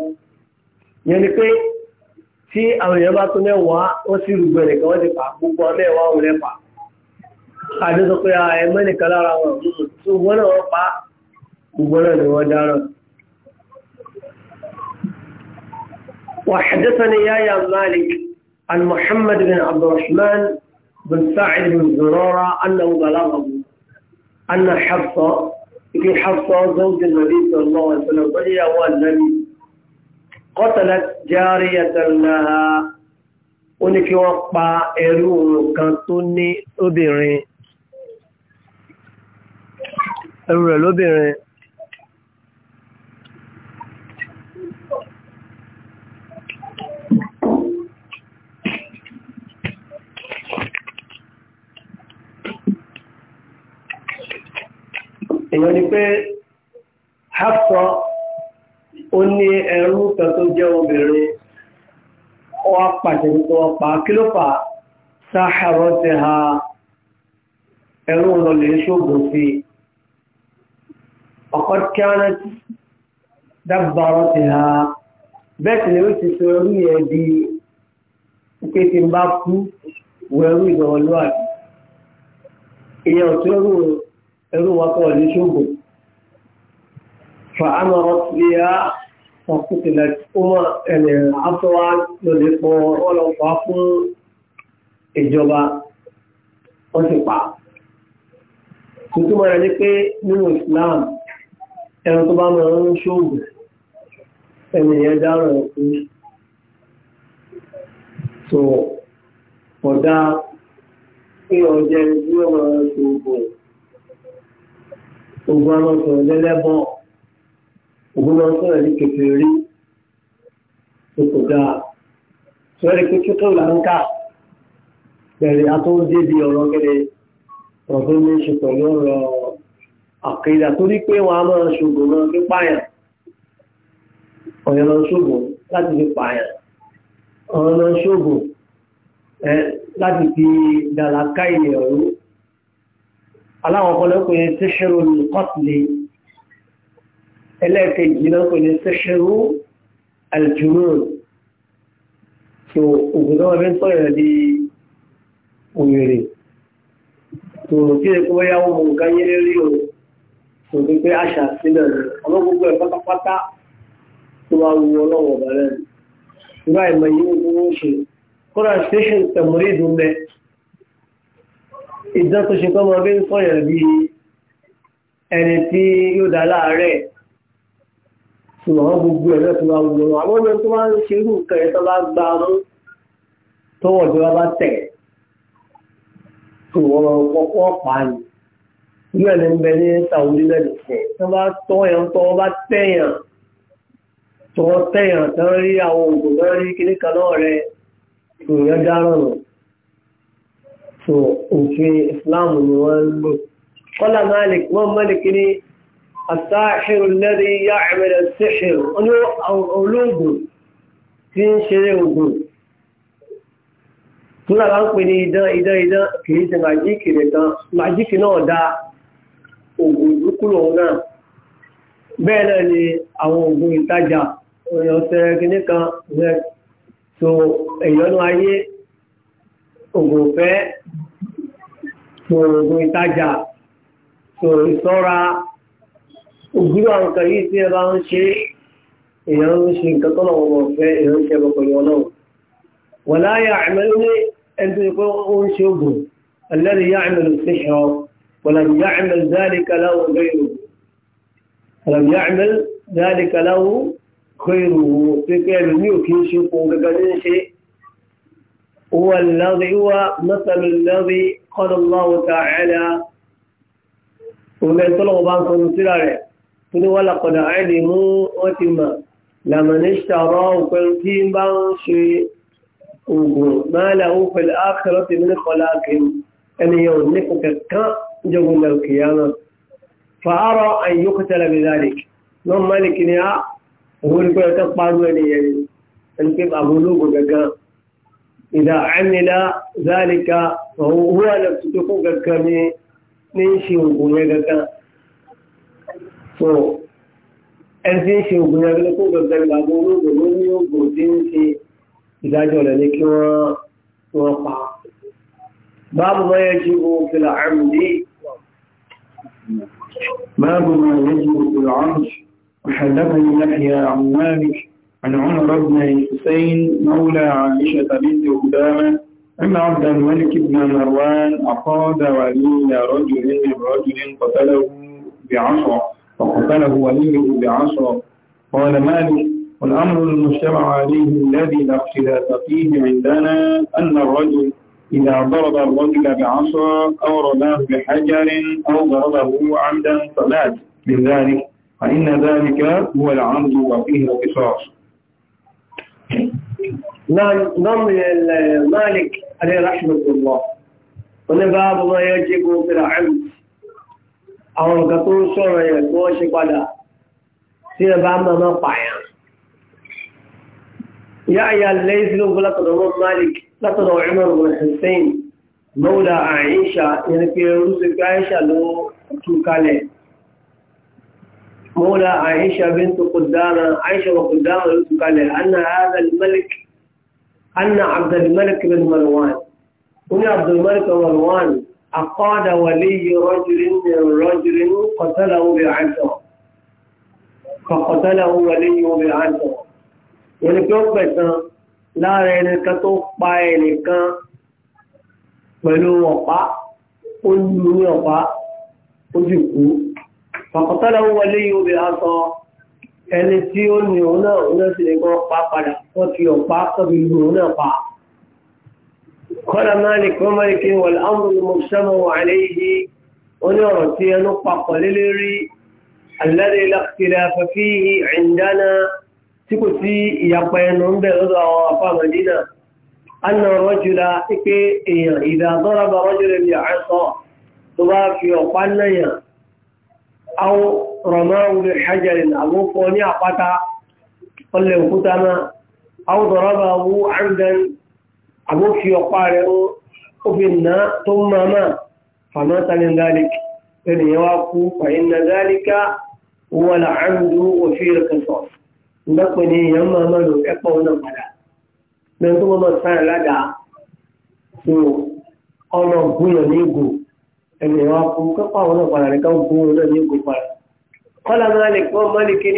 S2: yẹn ni pé tí àwọn èèyàn bá tún mẹ́wàá wọ́n sì rúgbẹ̀rẹ̀ kan wọ́n ti pa gbogbo mẹ́wàá òun lẹ́pàá وحدثني يا مالك عن محمد بن عبد الرحمن بن سعد بن زرارة أنه بلغه أن حفصة في حفصة زوج النبي صلى الله عليه وسلم وهي هو النبي قتلت جارية لها ó وقع kí wọ́n pa ẹrù rẹ̀ lóbìnrin èèyàn ni pé Hafsa ó ní ẹrú kan tó jẹ́ obìnrin wọ́n pàṣẹ tó wọ́n pa kí ló fà sáhàrọ́ ti ha ẹrú lọ lè ṣògùn sí i ọ̀kọ́ kíánà dábàárọ̀ ti ha bẹ́ẹ̀ sì ni sọ orí ẹ̀ di pé tí n bá kú wẹ̀rú ìdọ̀wọ́lúwàdì ìyẹn ọ̀tún ẹrú ẹrú wa kọ́ ní ṣógbò fàánàrọ̀ tí a ọkùnkùnlẹ̀ ọmọ ẹ̀nẹ̀ àtọwà lòdì pọ̀ ọlọ́pàá fún ìjọba wọ́n ti pa tuntun ní pé nínú Islam ẹran tó bá mọ̀ ń ṣòwò ẹnìyàn dáràn ẹ̀kú so ọ̀dá
S1: pé ọjẹ́ tí ó mọ̀ ń ṣòwò
S2: ogun amọ̀sọ̀rọ̀ lẹ́lẹ́bọ̀ ogun máa ń sọ̀rọ̀ ní kékeré rí tó kò dáa sọ́rí pé kí tó là ń kà bẹ̀rẹ̀ ató ń débi ọ̀rọ̀ kẹ́lẹ́ ọ̀rọ̀ ní ṣe pẹ̀lú ọ̀rọ̀ àkìdà torí pé wọn a máa ṣògbò náà fi pààyàn ọ̀yàn máa ṣògbò láti fi pààyàn ọ̀rọ̀ máa ṣògbò láti fi dàlá ká ilẹ̀ ọ̀rọ̀ aláwọn ọ̀pọ̀lọpọ̀ yẹn tẹ́ṣẹ́rò ní kọ́tìlì ẹlẹ́ẹ̀kejì náà so ògùn náà fi ń di òyèrè tòun kí ẹ̀kọ́ yà wọ́n mọ̀ nǹkan yẹ́rẹ́rí òun kò ní pé àṣà sílẹ̀ rẹ̀ ọmọ gbogbo ẹ̀ pátápátá tó wá wu ọlọ́wọ̀ bẹ̀rẹ̀ rẹ̀ ìgbà ìmọ̀ yìí ní gbogbo ṣe kódà station tẹ̀mọ́rí ìdùn mẹ́ ìdán tó ṣe kọ́mọ bí ń sọ̀yàn bí ẹni tí yóò dá láàárẹ̀ ṣùgbọ́n gbogbo ẹ̀ náà tó wá wu ọlọ́wọ̀ àwọn ọmọ tó wá ń ṣe irú nǹkan tó bá gbá mú tọwọ́ ìjọba bá tẹ̀ tó wọ́n pa ni náà ní bẹ ní sàwùdí náà nìkan tí wọ́n bá tọ́ yẹn tọ́ wọ́n bá tẹ̀yàn tí wọ́n tẹ̀yàn tí wọ́n rí àwọn oògùn náà rí kíní kan náà rẹ èèyàn dáràn nù so òfin Islam ni wọ́n ń lò kọ́lá Malik wọ́n Malik ní asáhìrù lẹ́rí yá ẹ̀mẹ̀rẹ̀ síhìrù oní olóògùn tí ń ṣeré ogun tí wọ́n bá ń pè ní idán idán idán kìí ṣe màjíkì nìkan màjíkì náà dáa oògùn ìdúkúlò náà bẹ́ẹ̀ náà ni àwọn oògùn ìtajà ọ̀sẹ̀ kìíní kan rẹ̀ so ìyọnu ayé oògùn ọ̀fẹ́ so oògùn ìtajà so ìṣọ́ra ògbúrò àwọn kan yìí tí ẹ bá ń ṣe èèyàn ولم يعمل ذلك له غيره ولم يعمل ذلك له غيره فكان يوكي شوفوا غدنشي هو الذي هو مثل الذي قال الله تعالى ومن طلب بانكم سرارة ولقد علموا وتما لمن اشتراه فالتين بانشي ما له في الآخرة من خلاق أن يونك كان جبن القيامة فأرى أن يقتل بذلك نوم مالك نيا هو لكي تقبض يعني أنكب أبو لوب إذا عمل ذلك فهو هو نفسه تقوك كمي ننشي وقويك so ẹni tí ń ṣe ògùn ẹgbẹ́ ló kó gbẹ̀gbẹ̀ ìgbàgbọ́ olóògùn ló ní ògùn tí ń ṣe
S1: باب ما يجب في العرش وحدثني يحيى عن مالك عن عمر بن الحسين مولى عائشة بنت قدامة أن عبد الملك بن مروان أقاد ولي رجل من رجل قتله بعشرة فقتله وليه بعشرة قال مالك والأمر المجتمع عليه الذي لا اختلاف فيه عندنا أن الرجل إذا ضرب الرجل بعصا أو رماه بحجر أو ضربه عمدا فمات من ذلك فإن ذلك هو العمد وفيه القصاص نعم ضمن نعم
S2: مالك عليه رحمة الله أن باب ما يجب في العمد أو قطوس سورة يقوش قدر سير باب ما mọ́ mọ́ pààyàn. Yáyà lè sílùú مالك látọ̀dọ̀ Umar ibn Hussein mọ́wùlá Àìṣà yẹn pé orúsìkí Àìṣà ló tú kalẹ̀ مولى عائشة بنت قدامة عائشة وقدامة قال أن هذا الملك أن عبد الملك بن مروان هنا عبد الملك بن مروان أقاد ولي رجل من رجل قتله بعشرة فقتله ولي بعشرة يعني كيف lára ẹnìkan tó pa ẹnìkan pẹ̀lú ọ̀pá ó lù ní ọ̀pá ó jù kú pàkọ̀tọ́lẹ̀ ń wọlé yóò bí aṣọ ẹni tí ó ní òun náà òun náà sì lè kọ́ pa padà wọ́n ti ọ̀pá tọ́bi lu náà pa kọ́lá Malik wọ́n Malik wọ́n amúlù mọ̀ṣẹ́mọ̀ wà léyìí ó ní ọ̀rọ̀ tí ẹnu papọ̀ lélẹ́rí alẹ́rẹ́ lákìlẹ̀ afẹ́fí ìrìndánà tí kò sí ìyapa ẹnu ń bẹ̀ lọ́dọ̀ àwọn afáàmà dínà anna rọ́jùlá pé èèyàn ìdàdọ́rọ̀bà rọ́jùlá ní àṣọ tó bá fi ọ̀pá náyà àwọn rọ̀mọ́rùn lè ṣájẹ̀rẹ̀ àmúfọ́ ní àpáta ọlẹ̀ òkúta náà àwọn dọ̀rọ̀bà wú àǹdẹ̀n àmúfi ọ̀pá rẹ̀ ìgbàpẹ̀ ni èèyàn máa máa lò ẹ̀pọ̀ ọ̀nà padà lẹ́yìn tó mọ́ sáyẹn ládàá tó ọ̀nà gúnyàn ní ìgò ẹ̀mí wa kú kẹ́pọ̀ ọ̀nà
S1: padà nìkan gún ọ̀nà ní ìgò padà. kọ́lá máa lè kọ́ máa lè kí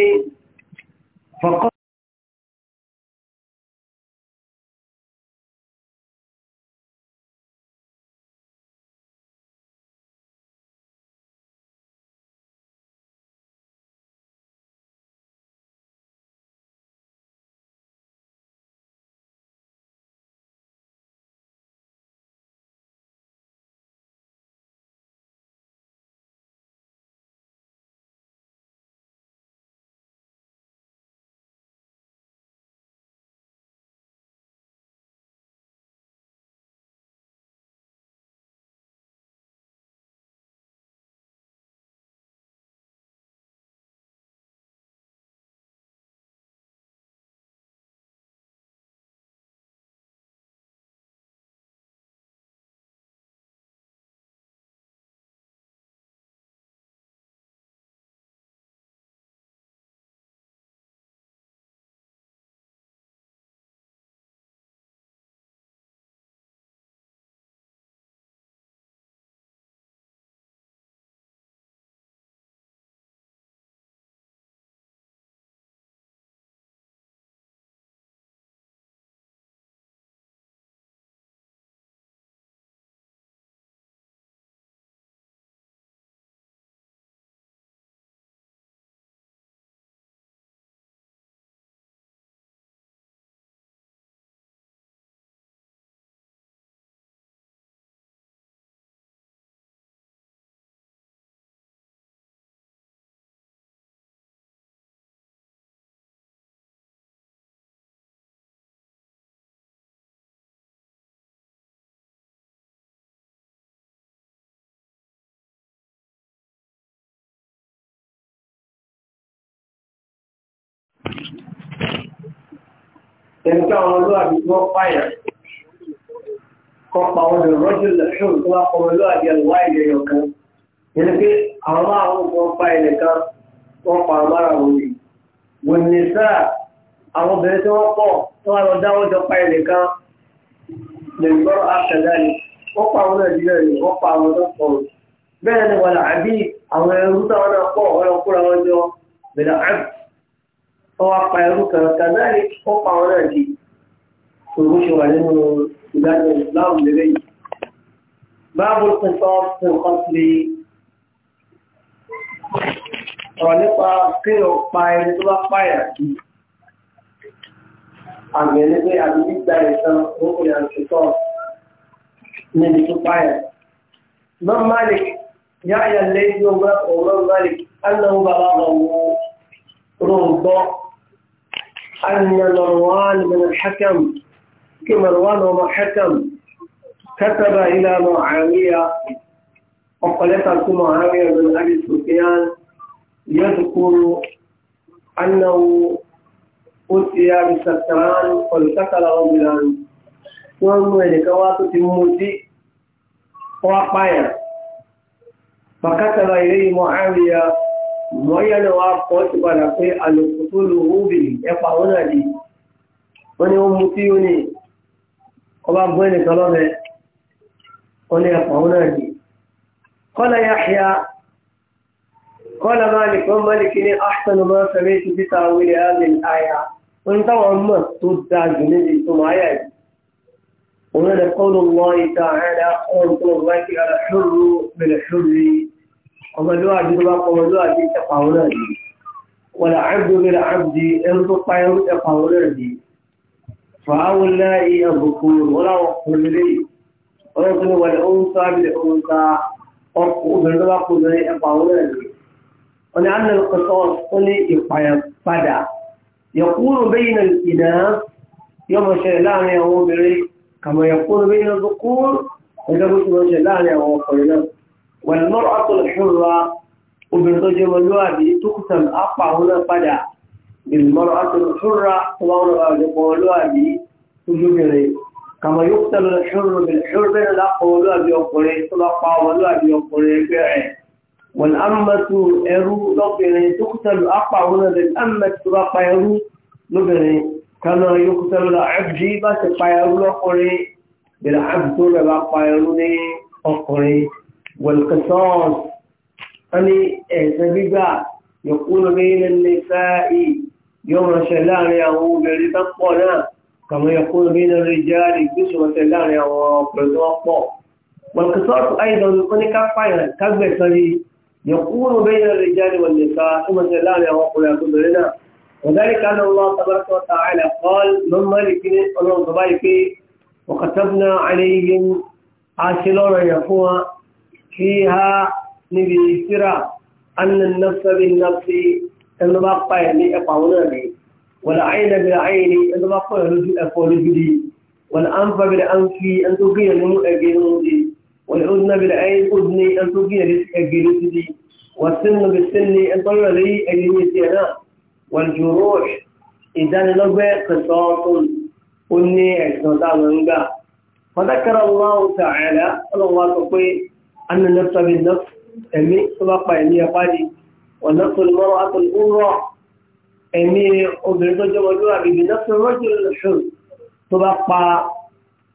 S1: ẹni tí àwọn olóàbí tí wọ́n pààyàn
S2: kọpa wọn lè rọ́jò lẹ́ṣùn tó wá kọmọ olóàbí ẹ̀lùwá ilẹ̀ yọkan ẹni pé àwọn àwọn ọmọ pa ilẹ̀ kan wọ́n pa àmàrà wọn ni wọ́n ní sáà àwọn obìnrin tí wọ́n pọ̀ tó wá lọ dáwọ́ jọ pa ilẹ̀ kan lè gbọ́ àṣẹdá ni wọ́n pa àwọn nàìjíríà ni wọ́n pa àwọn tó pọ̀ bẹ́ẹ̀ ni wọ́n làbí àwọn ẹrú táwọn náà pọ̀ wọ́n lọ kóra wọn jọ bẹ̀rẹ̀ àbí ọwọ́ apá ẹrú kan kàdáàrí ó pa wọn di òun ṣe wà nínú ìdájọ́ ìsìláàmù lélẹ́ yìí báàbò tó sọ fún nǹkan sí ọ̀rọ̀ nípa kí o pa ẹni tó bá pààyà sí àgbẹ̀ ní pé àbí gbígba ìsan òun kò yàn sí sọ́ọ̀ níbi tó pààyà. Imam Malik ya yà lẹ́yìn ọgbà ọ̀rọ̀ Malik, rọ̀ ń gbọ́ أن مروان بن الحكم كمروان حكم كتب إلى معاوية وقالت معاوية بن أبي سفيان يذكر أنه أتي بسكران والقتل رجلا وهو لكوات الموت وقايا فكتب إليه معاوية mọ́yẹ́nà wa kọ́ ti padà pé alùpùpù tó lu rúbìlì ẹpa wọn náà di wọ́n ní wọ́n mú tí ó ní ọba gbọ́ ẹnìkan lọ́bẹ̀ wọ́n ní ẹpa wọn náà di kọ́lá yáhíá kọ́lá malik wọ́n malik ní ahsanu ma sẹ́mi ti fi tàwílì àmìn ní táwọn máa yà ti ara ṣòro ọmọlúwàbí ló bá kọ ọmọlúwàbí ẹ̀pà wọn náà ni wọ́n là ábdó mẹ́ra ábdí ẹni tó pa ẹrú ẹ̀pà wọn náà ni fàáwọn náà yí àbùkù wọn láwọn kò lélẹ̀ ọ̀rọ̀ tó ní wọ́n lè ń sá bí lè ń sá obìnrin tó bá kọ obìnrin ẹ̀pà wọn náà ni wọ́n ní àná kọ́sọ́ ó ní ìpayà padà yẹ̀kúrò bẹ́yìn náà ìdá yọmọ ṣẹlẹ̀ láàrin àwọn obìnrin kàmọ̀ yẹ̀kúrò bẹ́yìn náà والمرأة الحرة وبالرجل والوادي تقسم أقع هنا قدا بالمرأة الحرة والوادي تجبري كما يقتل الحر بالحر لا قول أبي أقولي طلقا ولا أبي أقولي بيعي والأمة إرو لبني تقتل أقع هنا بالأمة تلقى يرو لبني كما يقتل العبد جيبة تقع يرو لقري بالعبد تلقى يرو لقري والقصاص أني سبيبا يقول بين النساء يوم شلان يهو بريتقونا كما يقول بين الرجال بسوة شلان يهو بريتقو والقصاص أيضا أني كفاية كبسري يقول بين الرجال والنساء ثم شلان يهو بريتقونا وذلك أن الله تبارك وتعالى قال من مالك الله تبارك وكتبنا عليهم عاشلون يفوها فيها نبي سرا أن النفس بالنفس إنما قاية لي أقعونا لي والعين بالعين إنما قاية رجل أقول لي والأنف بالأنف أن تقي لهم أجنون لي والأذن بالعين أذني أن تقي لهم لي والسن بالسن أن تقي لي أجنون والجروح إذا لغة قصاص أني أجنون فذكر الله تعالى الله تقول أن النفس بالنفس أمي سبق أمي قالي والنفس المرأة الأورى أمي أبرد جمالوها بنفس الرجل الحر سبق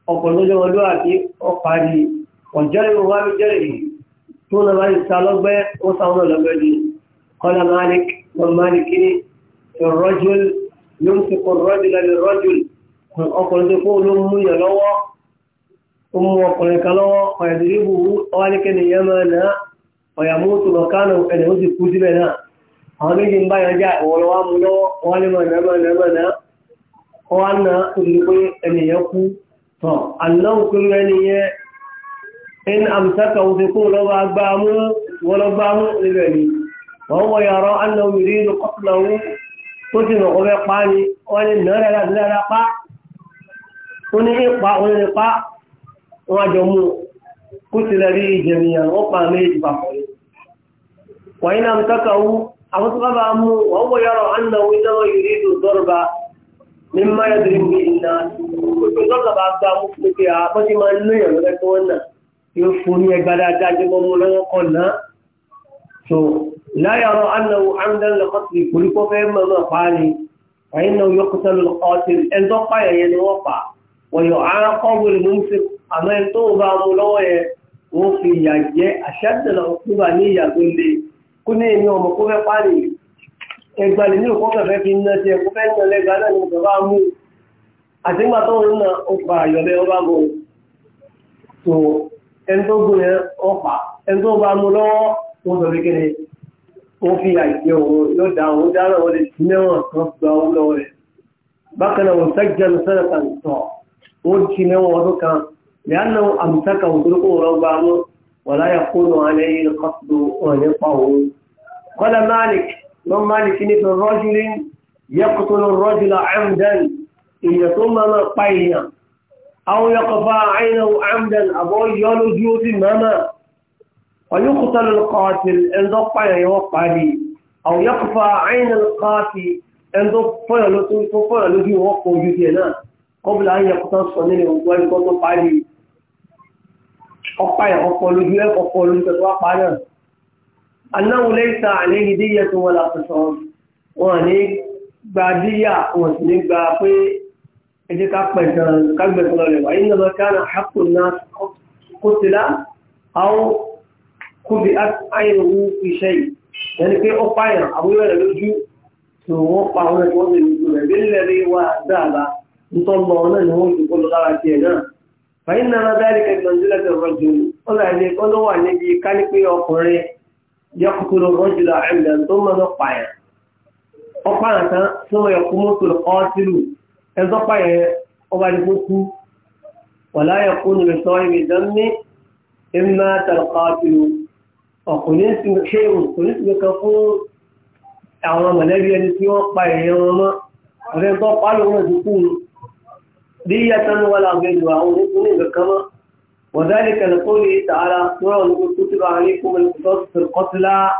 S2: أبرد جمالوها بأقاري والجري هو بجريه طول ما يستعلق به وصعنا لبدي قال مالك والمالكي في الرجل يمسك الرجل للرجل أبرد قول أمي لوه ó mú ọkùnrin kan lọ́wọ́ ọ̀yàdìríbù ọwá ní kẹ́ni yẹn máa náà ọ̀yàmú tó lọ kánà ẹni ó sì kú síbẹ̀ náà àwọn méjì ń bá yàn já ìwọ̀n lọ́wọ́ mú lọ́wọ́ ọwá ní máa náà máa náà máa náà ọwá kú tọ̀ ó ni wọ́n wọ yàrá anáwó mi rí inú kọ́tùláwó tó ti nà ọbẹ̀ pa ní nàá rẹ̀ láti wọ́n jọ mú kú ti rẹ̀ rí ìjẹ̀mìyàn wọ́n pa méjì papọ̀ rẹ̀. wọ́n iná ń tọ́ka wú àwọn tó bá mú wọ́n wọ́n yọrọ annáwó ìjọba ìrí ìlú dọ́rọ̀bà ní mayadiri bí iná òkú dọ́rọ̀bà bá gbá mú fún pé àbọ́ ah, ti máa ń lóyàn lọ́fẹ́ tó wọ́n nà yóò fún ní ẹgbà dáadáa jẹ́ mọ́ mú lọ́wọ́ kọ́ náà. so láyàrá annáwó amdan lọ́kọ́tì ìpolípọ́ fẹ́ mọ́ náà pàálí wọ́n iná yọkùtà lọ́kọ́tì àmọ́ ẹni tó bá mú lọ́wọ́ yẹn wọ́n fi ìyà jẹ́ àṣàdìlọ kúbà ní ìyà tó le kú ní èmi ọmọ kó fẹ́ pàdé ẹgbàlè ní òkú kẹfẹ́ fi ná tiẹ̀ kó fẹ́ ná lẹ́gbà náà ní ìjọba mú àti ńgbà tó ń na ọgbà àyọ̀lẹ̀ ọba bò tó ẹni tó gùn yẹn ọ̀pá ẹni tó bá mú lọ́wọ́ wọ́n sọ pé kéde wọ́n fi ìyà jẹ́ òun yóò dá òun ọdún kan لأنه أمسكه بالقوة بعضه ولا يكون عليه القصد ونقه قال مالك من مالك في الرجل يقتل الرجل عمدا إن ثم مقينا أو يقفى عينه عمدا أبو يلجو ماما ويقتل القاتل إن ضفع يوقع لي أو يقفى عين القاتل إن ضفع يلجو وقع قبل أن يقتص منه ويقتل عليه ọ̀pá ìkọ̀kọ̀ lójú ẹ̀kọ̀kọ̀ lójú tó wá pa náà. anáwó lẹ́sà àléyìn díyẹ tó wọn làkùsọ̀ wọn ní gba díyà wọn sì ní gba pé ẹjẹ́ ká pẹ̀ tán kágbẹ̀tàn rẹ̀ wáyé náà bá kánà hapò náà kó ti lá àwọn kóbi àìrùn iṣẹ́ yìí yẹn ni pé ọ̀pá ìrìn àbúrò rẹ̀ lójú tó ẹ̀kọ́ lójú rẹ̀ bí lẹ́rìí wá dáadáa ń tọ́ lọ náà ni lọ lára tiẹ̀ náà fàyínàmà dáríkà ìgbọ̀njúlẹ̀ tó rọ̀jù ọlọ́ọ̀lẹ́ ọlọ́wà níbi kánípé ọkùnrin yọkùtùrù rọ̀jùlọ àmì tó mọ́nà pààyàn ọpá nǹkan tó wọ́n yọkú mọ́tò ọ́tìlù ẹ̀zọ́ pààyàn ọba ní kókú wọ̀lá yọkú nínú sọ ibi dánmí ẹ̀mà tàlùkọ́tìlù ọkùnrin sì ṣe òkùnrin sì kan fún àwọn mọ̀lẹ́bí ẹni tí wọ́n pààyàn wọn mọ́ ọ̀rẹ́ tó pààlù wọn ti دية ولا غيرها أو بكما وذلك لقوله تعالى سورة نقول كتب عليكم القصص في القتلى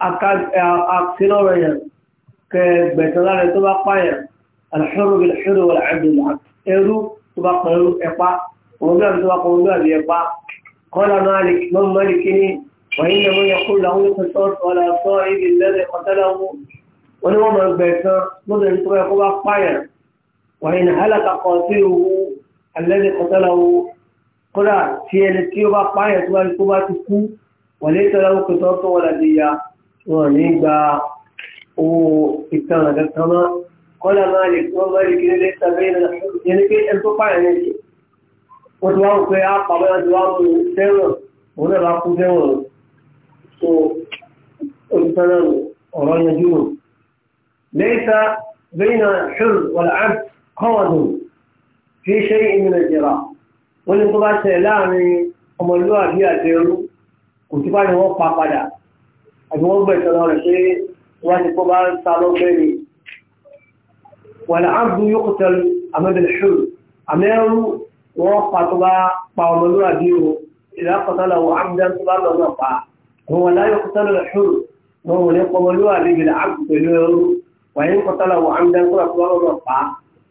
S2: أكاد أكثر ويان كبتلا لتبقى ويان الحر بالحر والعبد بالعبد إيرو تبقى إيرو إقا ومدار تبقى ومدار إقا قال مالك من مالكني وإنما يقول له القصص ولا صائب الذي قتله ونوما البيتر مدر تبقى ويان وإن هلك قاتله الذي قتله قرأ في الكيوبا قاية والكوبا تكو وليس له قصاص ولا دية ونيجا وإتانا قتما قال مالك ومالك ليس بين الحكم يعني كي أنتو قاية نيجي وتواو كي أعطى بين أدواب هنا راقو سيوة وإتانا أرانا جنوب ليس بين الحر والعبد قوضوا في شيء من الجراء والانطباع سيلاني أملوها فيها تيرو كتبان هو فاقدا أجمال بيتنا شيء وانطباع سالو بيني والعبد يقتل أمام الحر أمام وقتبا فأملوها فيه إذا قتله عبدا سبحانه وتعالى هو لا يقتل الحر وهو يقبلوها به العبد وإن قتله عمدا فأملوها فيه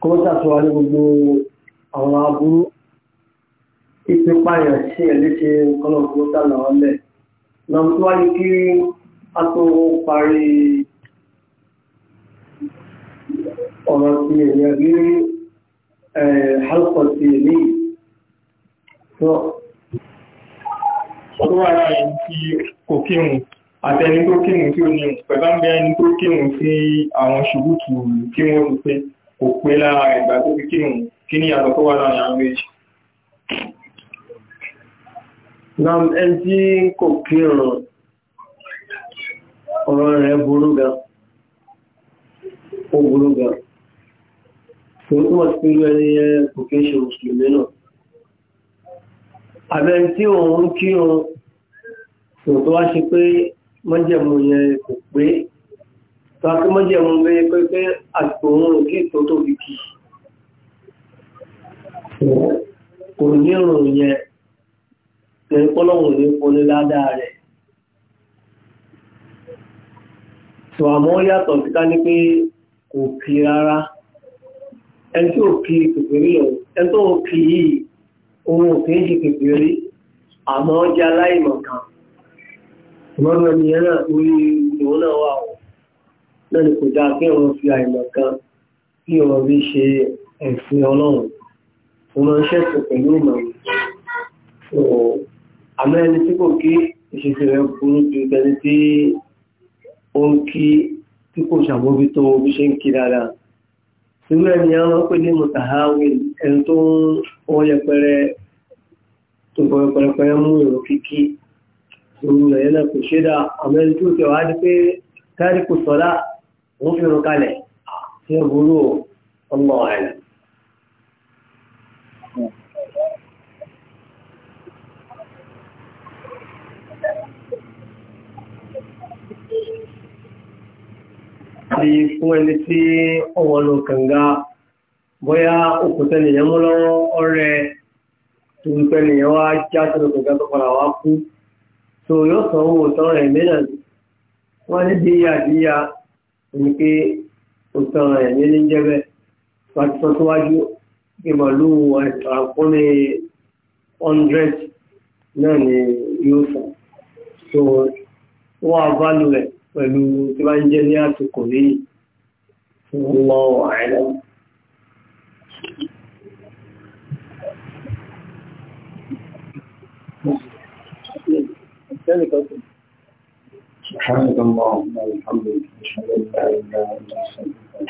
S2: kó sàtúwà ní gbogbo àwọn aburú ipe pààyàn sí ẹ̀lẹ́ṣẹ́ kọ́nà kó sàlà wọn lẹ̀ náà tó wáyé kí a tó parí ọ̀rọ̀ ti ènìyàn rí hálùkọ̀ ti èmi
S1: tó tó wà láàrin tí kò kírun àtẹni tó kírun tí ó ní pẹ̀lú àwọn ẹni tó kírun sí àwọn ṣubútu tí wọ́n rú pé kò pé lára ìgbà tó fi kínú kí ní àlọ́ wà láàrin àwọn méjì
S2: nam ẹn tí kò kírun ọ̀rọ̀ rẹ̀ burú gan ó burú gan tó túnmọ̀ sí pínlú ẹni yẹ kò kí ń ṣe mùsùlùmí náà àbẹ́ tí òun kírun tó tó wá ṣe pé mọ́jẹ̀mú yẹn kò pé tó kí mọ́ jẹ́ ohun bẹ́yẹ pé pé àtìkò oòrùn kí tó tó fi kì kò ní ìrùn yẹn ní pọ́lọ́hùn ní pọ́lé ládàá rẹ̀ tó àmọ́ yàtọ̀ sí ká ní pé kò kí rárá ẹni tí ò kí kékeré lọ ẹni tó kí yìí ohun òkèèjì náà ni kò dáa kí wọ́n fi àìmọ̀ kan kí wọ́n rí ṣe ẹ̀sìn ọlọ́run mo máa ń ṣẹ̀sìn pẹ̀lú ìmọ̀ àmọ́ ẹni tí kò kí ìṣesí rẹ̀ burú ju ẹni tí ó ń kí tí kò ṣàbójútó bí ṣe ń kí dáadáa irú ẹni a máa ń pè ní mutahawil ẹni tó ń wọ́n yẹpẹrẹ tó bọ̀ pẹrẹpẹrẹ mú èrò kíkí irú ẹ̀yẹ́ náà kò ṣe dáa àmọ́ ẹni tó ti wá di pé káàdì kò sọ́dá wọ́n fi irun kalẹ̀ tí ó burú ọmọ rẹ̀. Àbí fún ẹni tí ọwọ́ lọ kànga bóyá òkúta nìyẹn mú lọ́wọ́ ọ̀rẹ́ tó ń pẹ́ nìyẹn wá já sínú kànga tó padà wá kú. Tò yóò sọ owó tọrọ ẹ̀mí náà wọ́n ní díyà díyà ní pé ó tán ẹ̀mí ní jẹ́bẹ̀ wájú tó síwájú pé màálù náà ni yóò sàn so wọ́n á bá lù rẹ̀ pẹ̀lú tí bá ń jẹ́ ní àsìkò yìí
S1: fún ọmọ àìlẹ́. Thank you. 他们讲，他们全部在那边做生意。